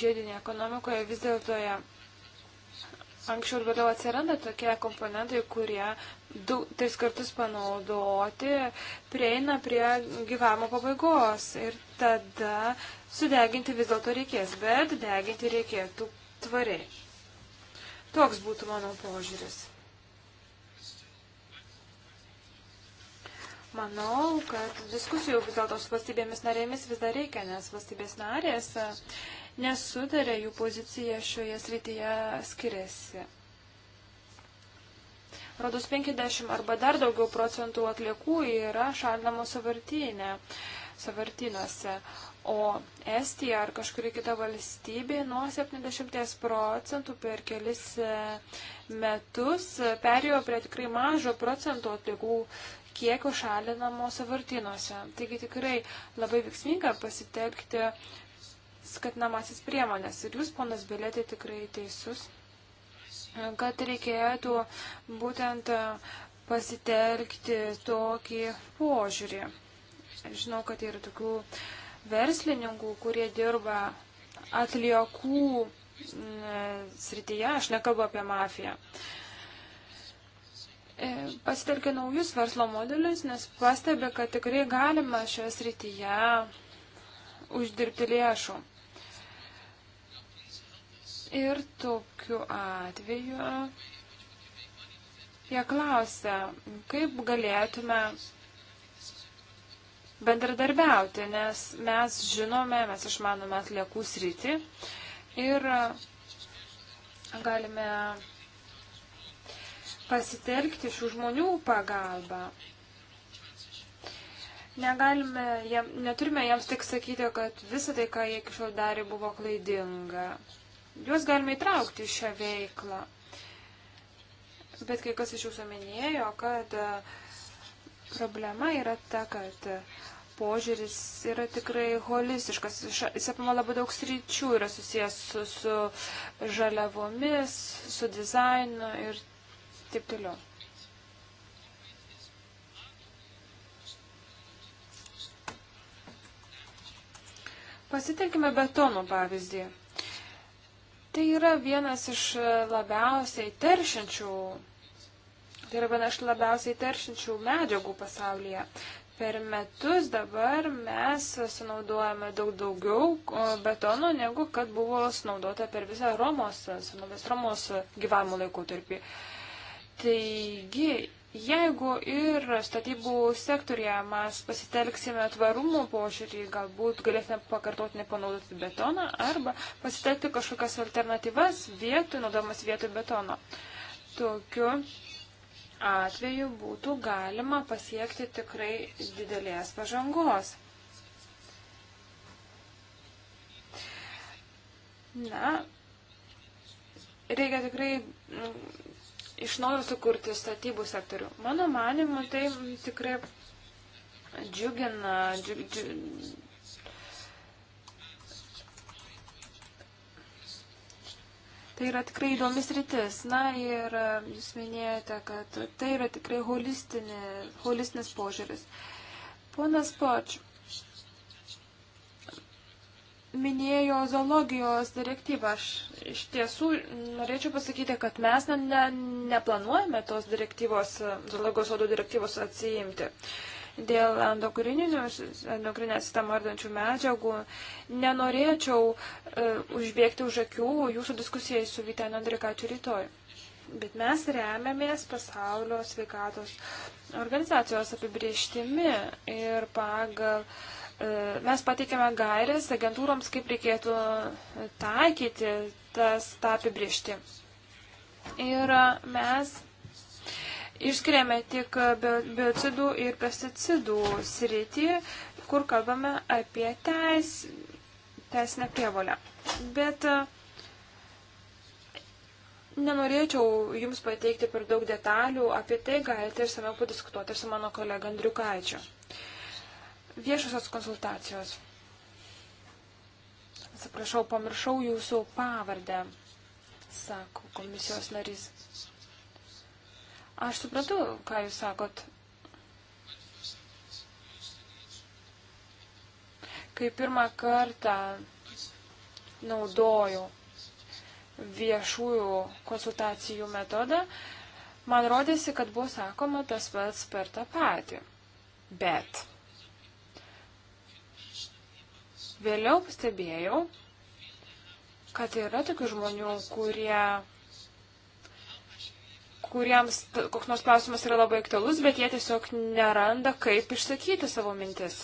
Žiedinė ekonomikoje vis dėlto anksčiau ir vėliau atsiranda tokie komponentai, kurie daug, tris kartus panaudoti prieina prie gyvavimo pabaigos ir tada sudeginti vis dėlto reikės, bet deginti reikėtų tvariai. Toks būtų mano požiūris. Manau, kad diskusijų vis dėlto su valstybėmis narėmis vis dar reikia, nes valstybės narės nesutarė, jų pozicija šioje srityje skiriasi. Rodus 50 arba dar daugiau procentų atliekų yra šaldamos savartinė, savartinuose, o Estija ar kažkuri kita valstybė nuo 70 procentų per kelis e, metus perėjo prie tikrai mažo procento atliekų kiekio šalinamo savartinuose. Taigi tikrai labai veiksminga pasitelkti skatinamasis priemonės. Ir jūs, ponas Bilėtai, tikrai teisus, kad reikėtų būtent pasitelkti tokį požiūrį. Žinau, kad yra tokių verslininkų, kurie dirba atliekų mm, srityje, aš nekalbu apie mafiją. E, pasitelkia naujus verslo modelius, nes pastebi, kad tikrai galima šioje srityje uždirbti lėšų. Ir tokiu atveju jie klausia, kaip galėtume bendradarbiauti, nes mes žinome, mes išmanome atliekų sritį ir galime pasitelkti šių žmonių pagalbą. Negalime, jam, neturime jiems tik sakyti, kad visą tai, ką jie iki šiol darė, buvo klaidinga. Juos galime įtraukti į šią veiklą. Bet kai kas iš jūsų minėjo, kad e, problema yra ta, kad e, požiūris yra tikrai holistiškas. Jis apima labai daug sričių, yra susijęs su, su žaliavomis, su dizainu ir taip toliau. Pasitelkime betono pavyzdį. Tai yra vienas iš labiausiai teršiančių, tai yra viena iš labiausiai teršiančių medžiagų pasaulyje. Per metus dabar mes sunaudojame daug daugiau betono, negu kad buvo sunaudota per visą Romos, senovės Romos gyvavimo laikotarpį. Taigi Jeigu ir statybų sektorija mes pasitelksime tvarumo požiūrį, galbūt galėsime pakartotinai panaudoti betoną arba pasitelkti kažkokias alternatyvas vietoj, naudomas vietoj betono. Tokiu atveju būtų galima pasiekti tikrai didelės pažangos. Na, reikia tikrai iš naujo sukurti statybų sektorių. Mano manimu, tai tikrai džiugina. Džiug, džiug, Tai yra tikrai įdomis rytis. Na ir e, jūs minėjote, kad tai yra tikrai holistinis, holistinis požiūris. Ponas Poč, minėjo zoologijos direktyvą. Aš iš tiesų norėčiau pasakyti, kad mes ne, ne, neplanuojame tos direktyvos, zoologijos sodų direktyvos atsiimti. Dėl endokrininę sistemą ardančių medžiagų nenorėčiau uh, užbėgti už akių jūsų diskusijai su Vitenu Andrikačiu rytoj. Bet mes remiamės pasaulio sveikatos organizacijos apibrieštimi ir pagal uh, E, mes pateikėme gairės agentūroms, kaip reikėtų taikyti tas tą apibriežti. Ir mes išskiriame tik biocidų ir pesticidų sritį, kur kalbame apie teis, teisinę prievolę. Bet e, nenorėčiau Jums pateikti per daug detalių, apie tai galite išsameu padiskutuoti ir su mano kolega Andriukaičiu viešosios konsultacijos. Atsiprašau, pamiršau jūsų pavardę, sako komisijos narys. Aš supratau, ką jūs sakot. Kai pirmą kartą naudojau viešųjų konsultacijų metodą, man rodėsi, kad buvo sakoma tas pats per tą patį. Bet Vėliau pastebėjau, kad yra tokių žmonių, kurie kuriems koks nors klausimas yra labai aktualus, bet jie tiesiog neranda, kaip išsakyti savo mintis.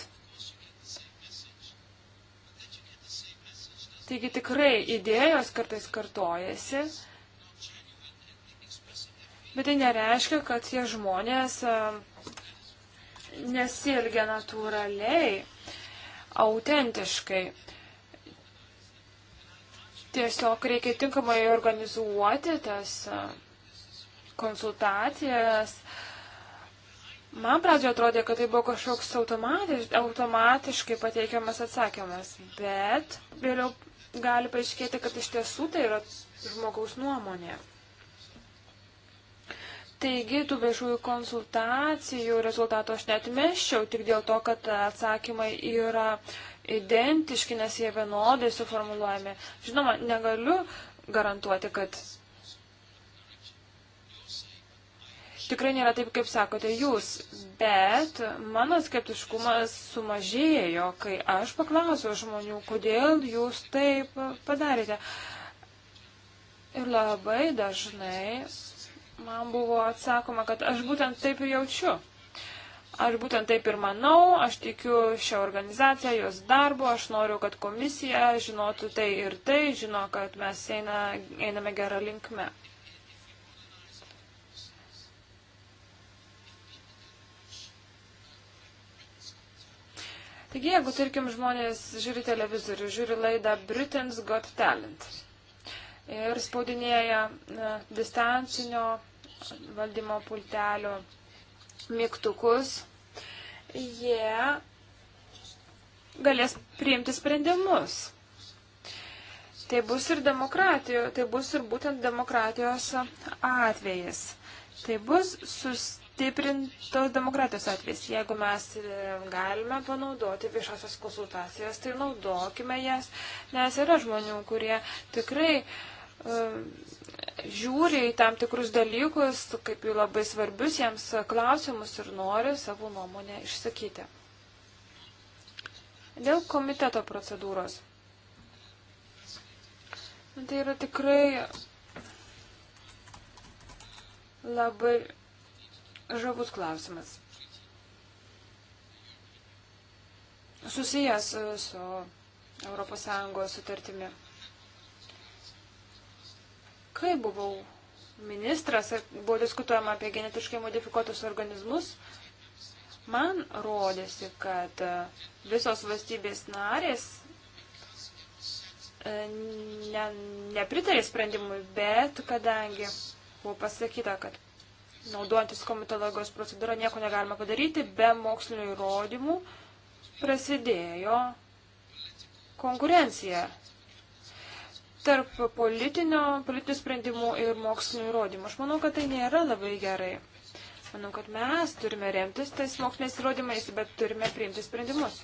Taigi tikrai idėjos kartais kartojasi, bet tai nereiškia, kad tie žmonės nesielgia natūraliai autentiškai. Tiesiog reikia tinkamai organizuoti tas konsultacijas. Man pradžioje atrodė, kad tai buvo kažkoks automatiš, automatiškai pateikiamas atsakymas, bet vėliau gali paaiškėti, kad iš tiesų tai yra žmogaus nuomonė. Taigi, tų viešųjų konsultacijų rezultato aš netmeščiau tik dėl to, kad atsakymai yra identiški, nes jie vienodai suformuluojami. Žinoma, negaliu garantuoti, kad tikrai nėra taip, kaip sakote jūs, bet mano skeptiškumas sumažėjo, kai aš paklausiau žmonių, kodėl jūs taip padarėte. Ir labai dažnai man buvo atsakoma, kad aš būtent taip ir jaučiu. Aš būtent taip ir manau, aš tikiu šią organizaciją, jos darbu, aš noriu, kad komisija žinotų tai ir tai, žino, kad mes eina, einame gerą linkmę. Taigi, jeigu, tarkim, žmonės žiūri televizorių, žiūri laidą Britain's Got Talent ir spaudinėja distancinio valdymo pultelio mygtukus, jie galės priimti sprendimus. Tai bus ir demokratijos, tai bus ir būtent demokratijos atvejis. Tai bus sustiprintos demokratijos atvejis. Jeigu mes e, galime panaudoti viešasias konsultacijas, tai naudokime jas, nes yra žmonių, kurie tikrai uh, žiūri į tam tikrus dalykus, kaip jų labai svarbius jiems klausimus ir nori savo nuomonę išsakyti. Dėl komiteto procedūros. Tai yra tikrai labai žavus klausimas. Susijęs su ES sutartimi kai buvau ministras ir buvo diskutuojama apie genetiškai modifikuotus organizmus, man rodėsi, kad e, visos valstybės narės e, ne, nepritarė sprendimui, bet kadangi buvo pasakyta, kad naudojantis komitologijos procedūrą nieko negalima padaryti, be mokslinio įrodymų prasidėjo konkurencija tarp politinio, politinių sprendimų ir mokslinių įrodymų. Aš manau, kad tai nėra labai gerai. Manau, kad mes turime remtis tais moksliniais įrodymais, bet turime priimti sprendimus.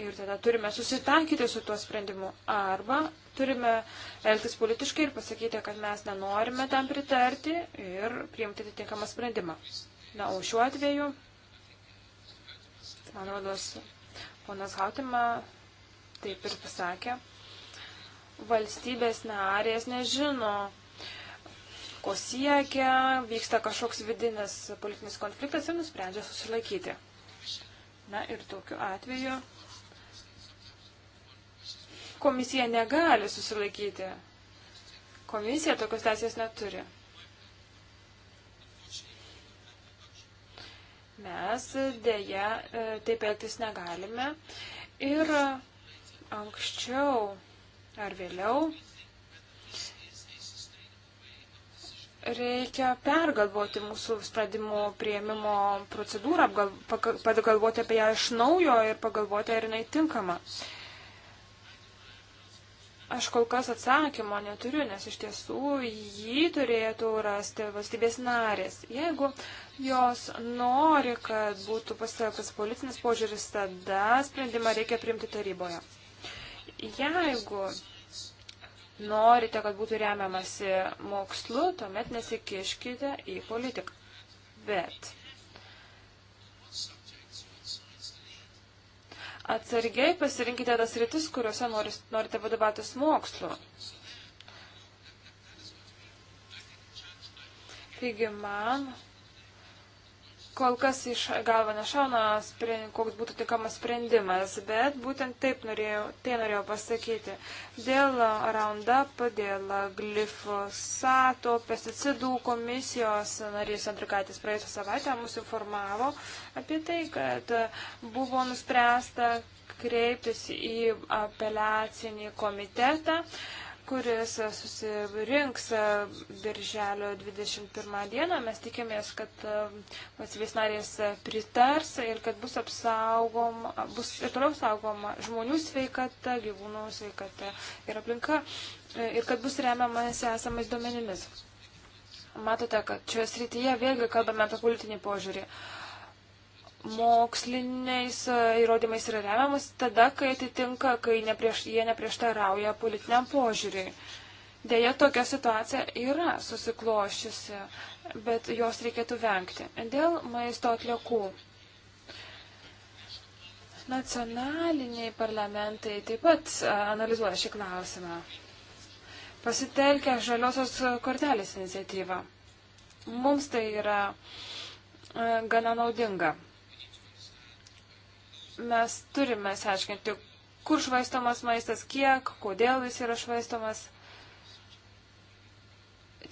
Ir tada turime susitankyti su tuo sprendimu. Arba turime elgtis politiškai ir pasakyti, kad mes nenorime tam pritarti ir priimti atitinkamą sprendimą. Na, o šiuo atveju, man rodos, ponas Hautima taip ir pasakė valstybės narės nežino, ko siekia, vyksta kažkoks vidinis politinis konfliktas ir nusprendžia susilaikyti. Na ir tokiu atveju komisija negali susilaikyti. Komisija tokios teisės neturi. Mes dėja e, taip elgtis negalime. Ir anksčiau ar vėliau, reikia pergalvoti mūsų sprendimų prieimimo procedūrą, pagalvoti apie ją iš naujo ir pagalvoti, ar jinai tinkama. Aš kol kas atsakymo neturiu, nes iš tiesų jį turėtų rasti valstybės narės. Jeigu jos nori, kad būtų pasitelktas politinis požiūris, tada sprendimą reikia priimti taryboje. Jeigu norite, kad būtų remiamasi mokslu, tuomet nesikiškite į politiką. Bet atsargiai pasirinkite tas rytis, kuriuose norite vadovautis mokslu. Taigi man kol kas iš galvo nešauna, koks būtų tikamas sprendimas, bet būtent taip norėjau, tai norėjau pasakyti. Dėl Roundup, dėl glifosato, pesticidų komisijos narys Andrikaitis praėjusią savaitę mus informavo apie tai, kad buvo nuspręsta kreiptis į apeliacinį komitetą. Uh, kuris e, susirinks e, birželio 21 dieną. Mes tikimės, kad e, valstybės narės pritars ir kad bus apsaugoma, bus ir toliau saugoma žmonių sveikata, gyvūnų sveikata ir aplinka ir kad bus remiamas esamais duomenimis. Matote, kad šioje srityje vėlgi kalbame apie politinį požiūrį. Uh, moksliniais e, įrodymais yra remiamas tada, kai atitinka, kai neprieš, jie neprieštarauja politiniam požiūriui. Deja, tokia situacija yra susiklošiusi, bet jos reikėtų vengti. Dėl maisto atliekų. Nacionaliniai parlamentai taip pat e, analizuoja šį klausimą. Pasitelkia žaliosios kortelės iniciatyvą. Mums tai yra e, gana naudinga mes turime seškinti, kur švaistomas maistas, kiek, kodėl jis yra švaistomas.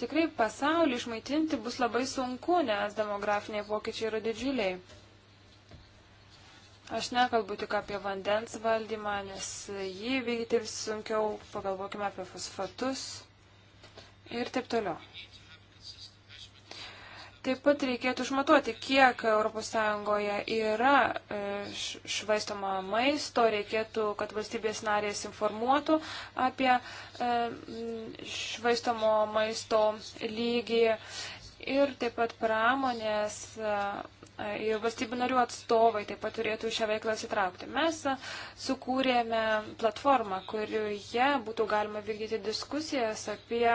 Tikrai pasaulį išmaitinti bus labai sunku, nes demografiniai pokyčiai yra didžiuliai. Aš nekalbu tik apie vandens valdymą, nes jį vykdyti vis sunkiau, pagalvokime apie fosfatus ir taip toliau. Taip pat reikėtų išmatuoti, kiek ES yra e, švaistoma maisto, reikėtų, kad valstybės narės informuotų apie e, švaistomo maisto lygį ir taip pat pramonės e, ir valstybių narių atstovai taip pat turėtų šią veiklą sitraukti. Mes sukūrėme platformą, kurioje būtų galima vykdyti diskusijas apie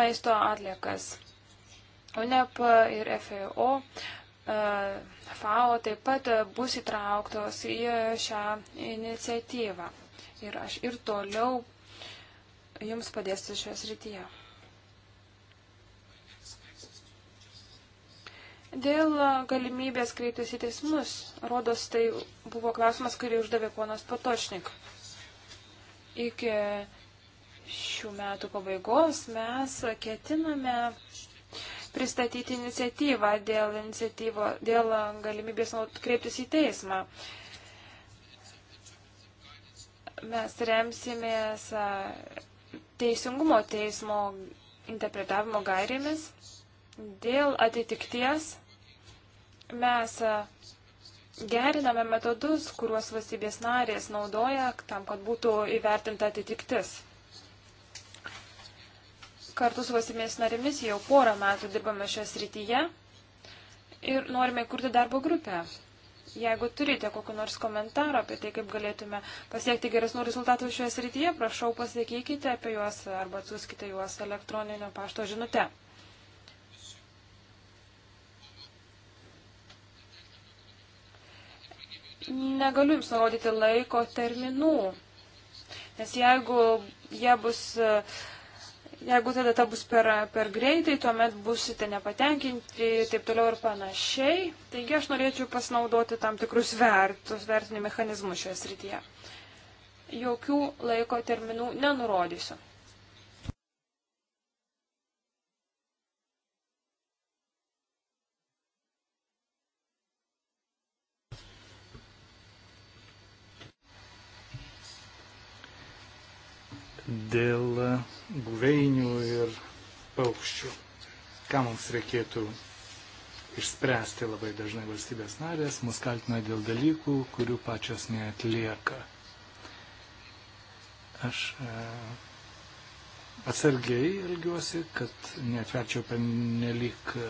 maisto atliekas. UNEP ir FAO, e e, FAO taip pat bus įtrauktos į šią iniciatyvą. Ir aš ir toliau jums padėsiu šioje srityje. Dėl galimybės kreiptis į teismus, rodos tai buvo klausimas, kurį uždavė ponas Patočnik. Iki šių metų pabaigos mes ketiname pristatyti iniciatyvą dėl, iniciatyvo, dėl galimybės kreiptis į teismą. Mes remsimės teisingumo teismo interpretavimo gairėmis. Dėl atitikties mes geriname metodus, kuriuos valstybės narės naudoja tam, kad būtų įvertinta atitiktis kartu su valstybės narimis jau porą metų dirbame šią srityje ir norime kurti darbo grupę. Jeigu turite kokiu nors komentaru apie tai, kaip galėtume pasiekti geresnių rezultatų šioje srityje, prašau pasakykite apie juos arba atsiųskite juos elektroninio pašto žinute. Negaliu jums nurodyti laiko terminų, nes jeigu jie bus uh, Jeigu ta data bus per, per greitai, tuomet busite nepatenkinti ir taip toliau ir panašiai. Taigi aš norėčiau pasinaudoti tam tikrus vertus, vertinių mechanizmų šioje srityje. Jokių laiko terminų nenurodysiu. Dėl buveinių ir paukščių. Ką mums reikėtų išspręsti labai dažnai valstybės narės, mus kaltina dėl dalykų, kurių pačios neatlieka. Aš e, atsargiai elgiuosi, kad neatverčiau penelik e,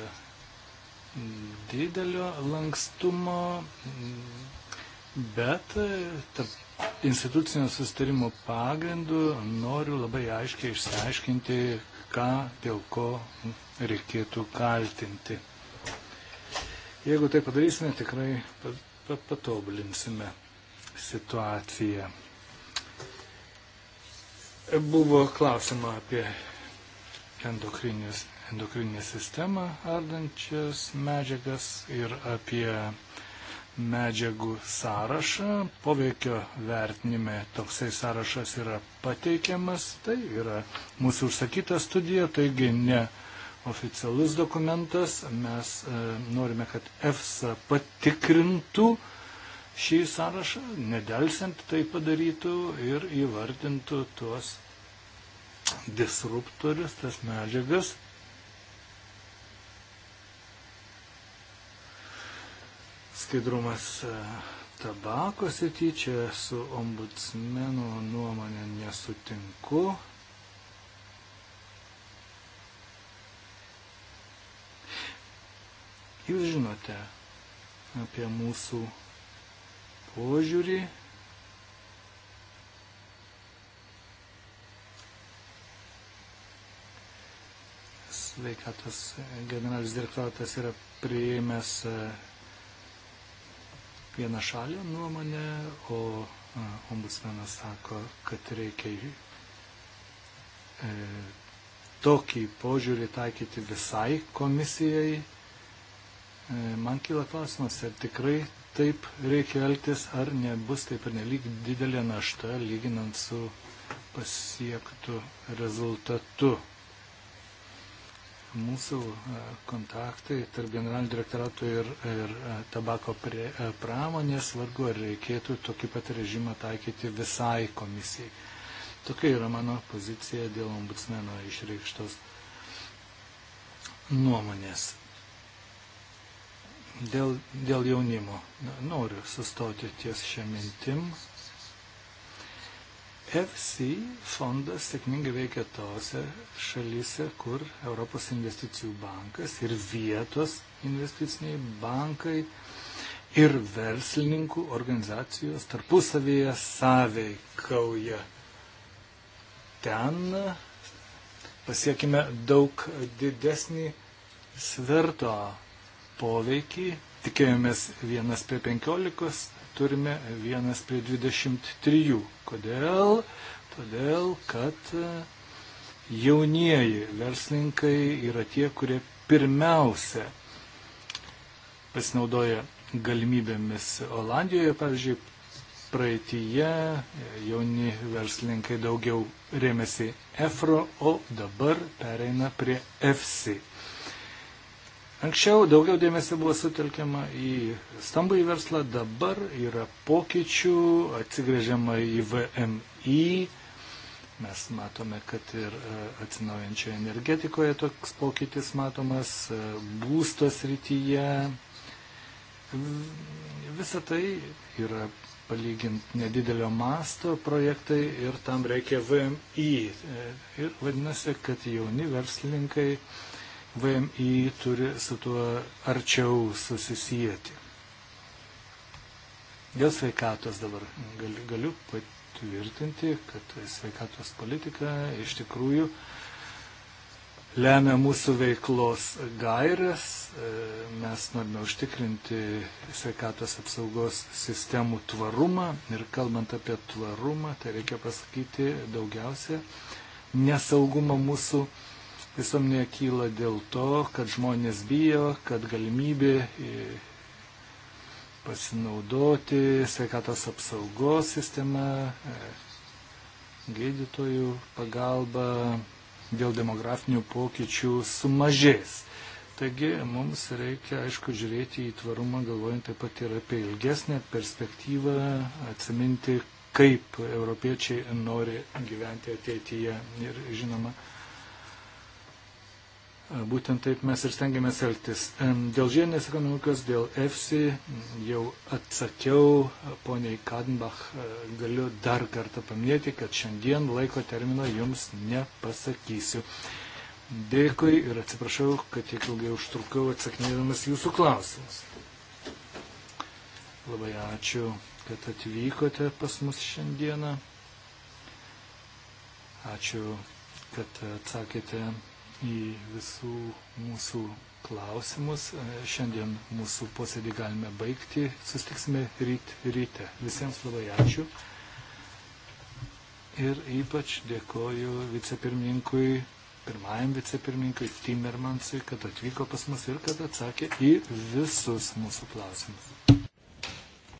didelio lankstumo, bet e, tarp institucinio sustarimo pagrindu noriu labai aiškiai išsiaiškinti, ką dėl ko reikėtų kaltinti. Jeigu tai padarysime, tikrai patobulinsime situaciją. Buvo klausima apie endokrininę sistemą ardančias medžiagas ir apie medžiagų sąrašą. Poveikio vertinime toksai sąrašas yra pateikiamas. Tai yra mūsų užsakyta studija, taigi ne oficialus dokumentas. Mes e, norime, kad EFSA patikrintų šį sąrašą, nedelsiant tai padarytų ir įvardintų tuos disruptorius, tas medžiagas, Skaidrumas e, tabako sityčia su ombudsmeno nuomonė nesutinku. Jūs žinote apie mūsų požiūrį. Sveikatos generalinis direktoratas yra priėmęs e, vienašalę nuomonę, o ombudsmenas sako, kad reikia e, tokį požiūrį taikyti visai komisijai. E, man kyla klausimas, ar tikrai taip reikia elgtis, ar nebus taip ir nelik didelė našta lyginant su pasiektų rezultatu mūsų e, kontaktai tarp generalinio direktorato ir, ir e, tabako prie, e, pramonės vargu ar reikėtų tokį pat režimą taikyti visai komisijai. Tokia yra mano pozicija dėl ombudsmeno išreikštos nuomonės. Dėl, dėl jaunimo noriu sustoti ties šią mintim. FC fondas sėkmingai veikia tose šalyse, kur Europos investicijų bankas ir vietos investiciniai bankai ir verslininkų organizacijos tarpusavėje sąveikauja. Ten pasiekime daug didesnį sverto poveikį. Tikėjomės vienas prie penkiolikos, turime 1 prie 23. Kodėl? Todėl, kad e, jaunieji verslininkai yra tie, kurie pirmiausia pasinaudoja galimybėmis Olandijoje, pavyzdžiui, praeitįje e, jauni verslininkai daugiau rėmėsi EFRO, o dabar pereina prie EFSI Anksčiau daugiau dėmesio buvo sutelkiama į stambų į verslą, dabar yra pokyčių, atsigrėžiama į VMI. Mes matome, kad ir e, atsinaujančioje energetikoje toks pokytis matomas, e, būstos rytyje. Visa tai yra palyginti nedidelio masto projektai ir tam reikia VMI. E, ir vadinasi, kad jauni verslininkai VMI turi su tuo arčiau susisijęti. Dėl sveikatos dabar galiu, galiu patvirtinti, kad sveikatos politika iš tikrųjų lemia mūsų veiklos gairias. E, mes norime užtikrinti sveikatos apsaugos sistemų tvarumą ir kalbant apie tvarumą, tai reikia pasakyti daugiausia nesaugumą mūsų visuomenė kyla dėl to, kad žmonės bijo, kad galimybė e, pasinaudoti sveikatos apsaugos sistema, e, gydytojų pagalba dėl demografinių pokyčių sumažės. Taigi mums reikia, aišku, žiūrėti į tvarumą, galvojant taip pat ir apie ilgesnę perspektyvą, atsiminti, kaip europiečiai nori gyventi ateityje. Ir žinoma, Būtent taip mes ir stengiamės elgtis. Dėl žiedinės ekonomikos, dėl EFSI jau atsakiau, poniai Kadenbach, e, galiu dar kartą paminėti, kad šiandien laiko termino jums nepasakysiu. Dėkui ir atsiprašau, kad tiek ilgai užtrukau atsakinėdamas jūsų klausimus. Labai ačiū, kad atvykote pas mus šiandieną. Ačiū, kad atsakėte į visų mūsų klausimus. Šiandien mūsų posėdį galime baigti. Sustiksime ryt, ryte. Visiems labai ačiū. Ir ypač dėkoju vicepirmininkui, pirmajam vicepirmininkui Timmermansui, kad atvyko pas mus ir kad atsakė į visus mūsų klausimus.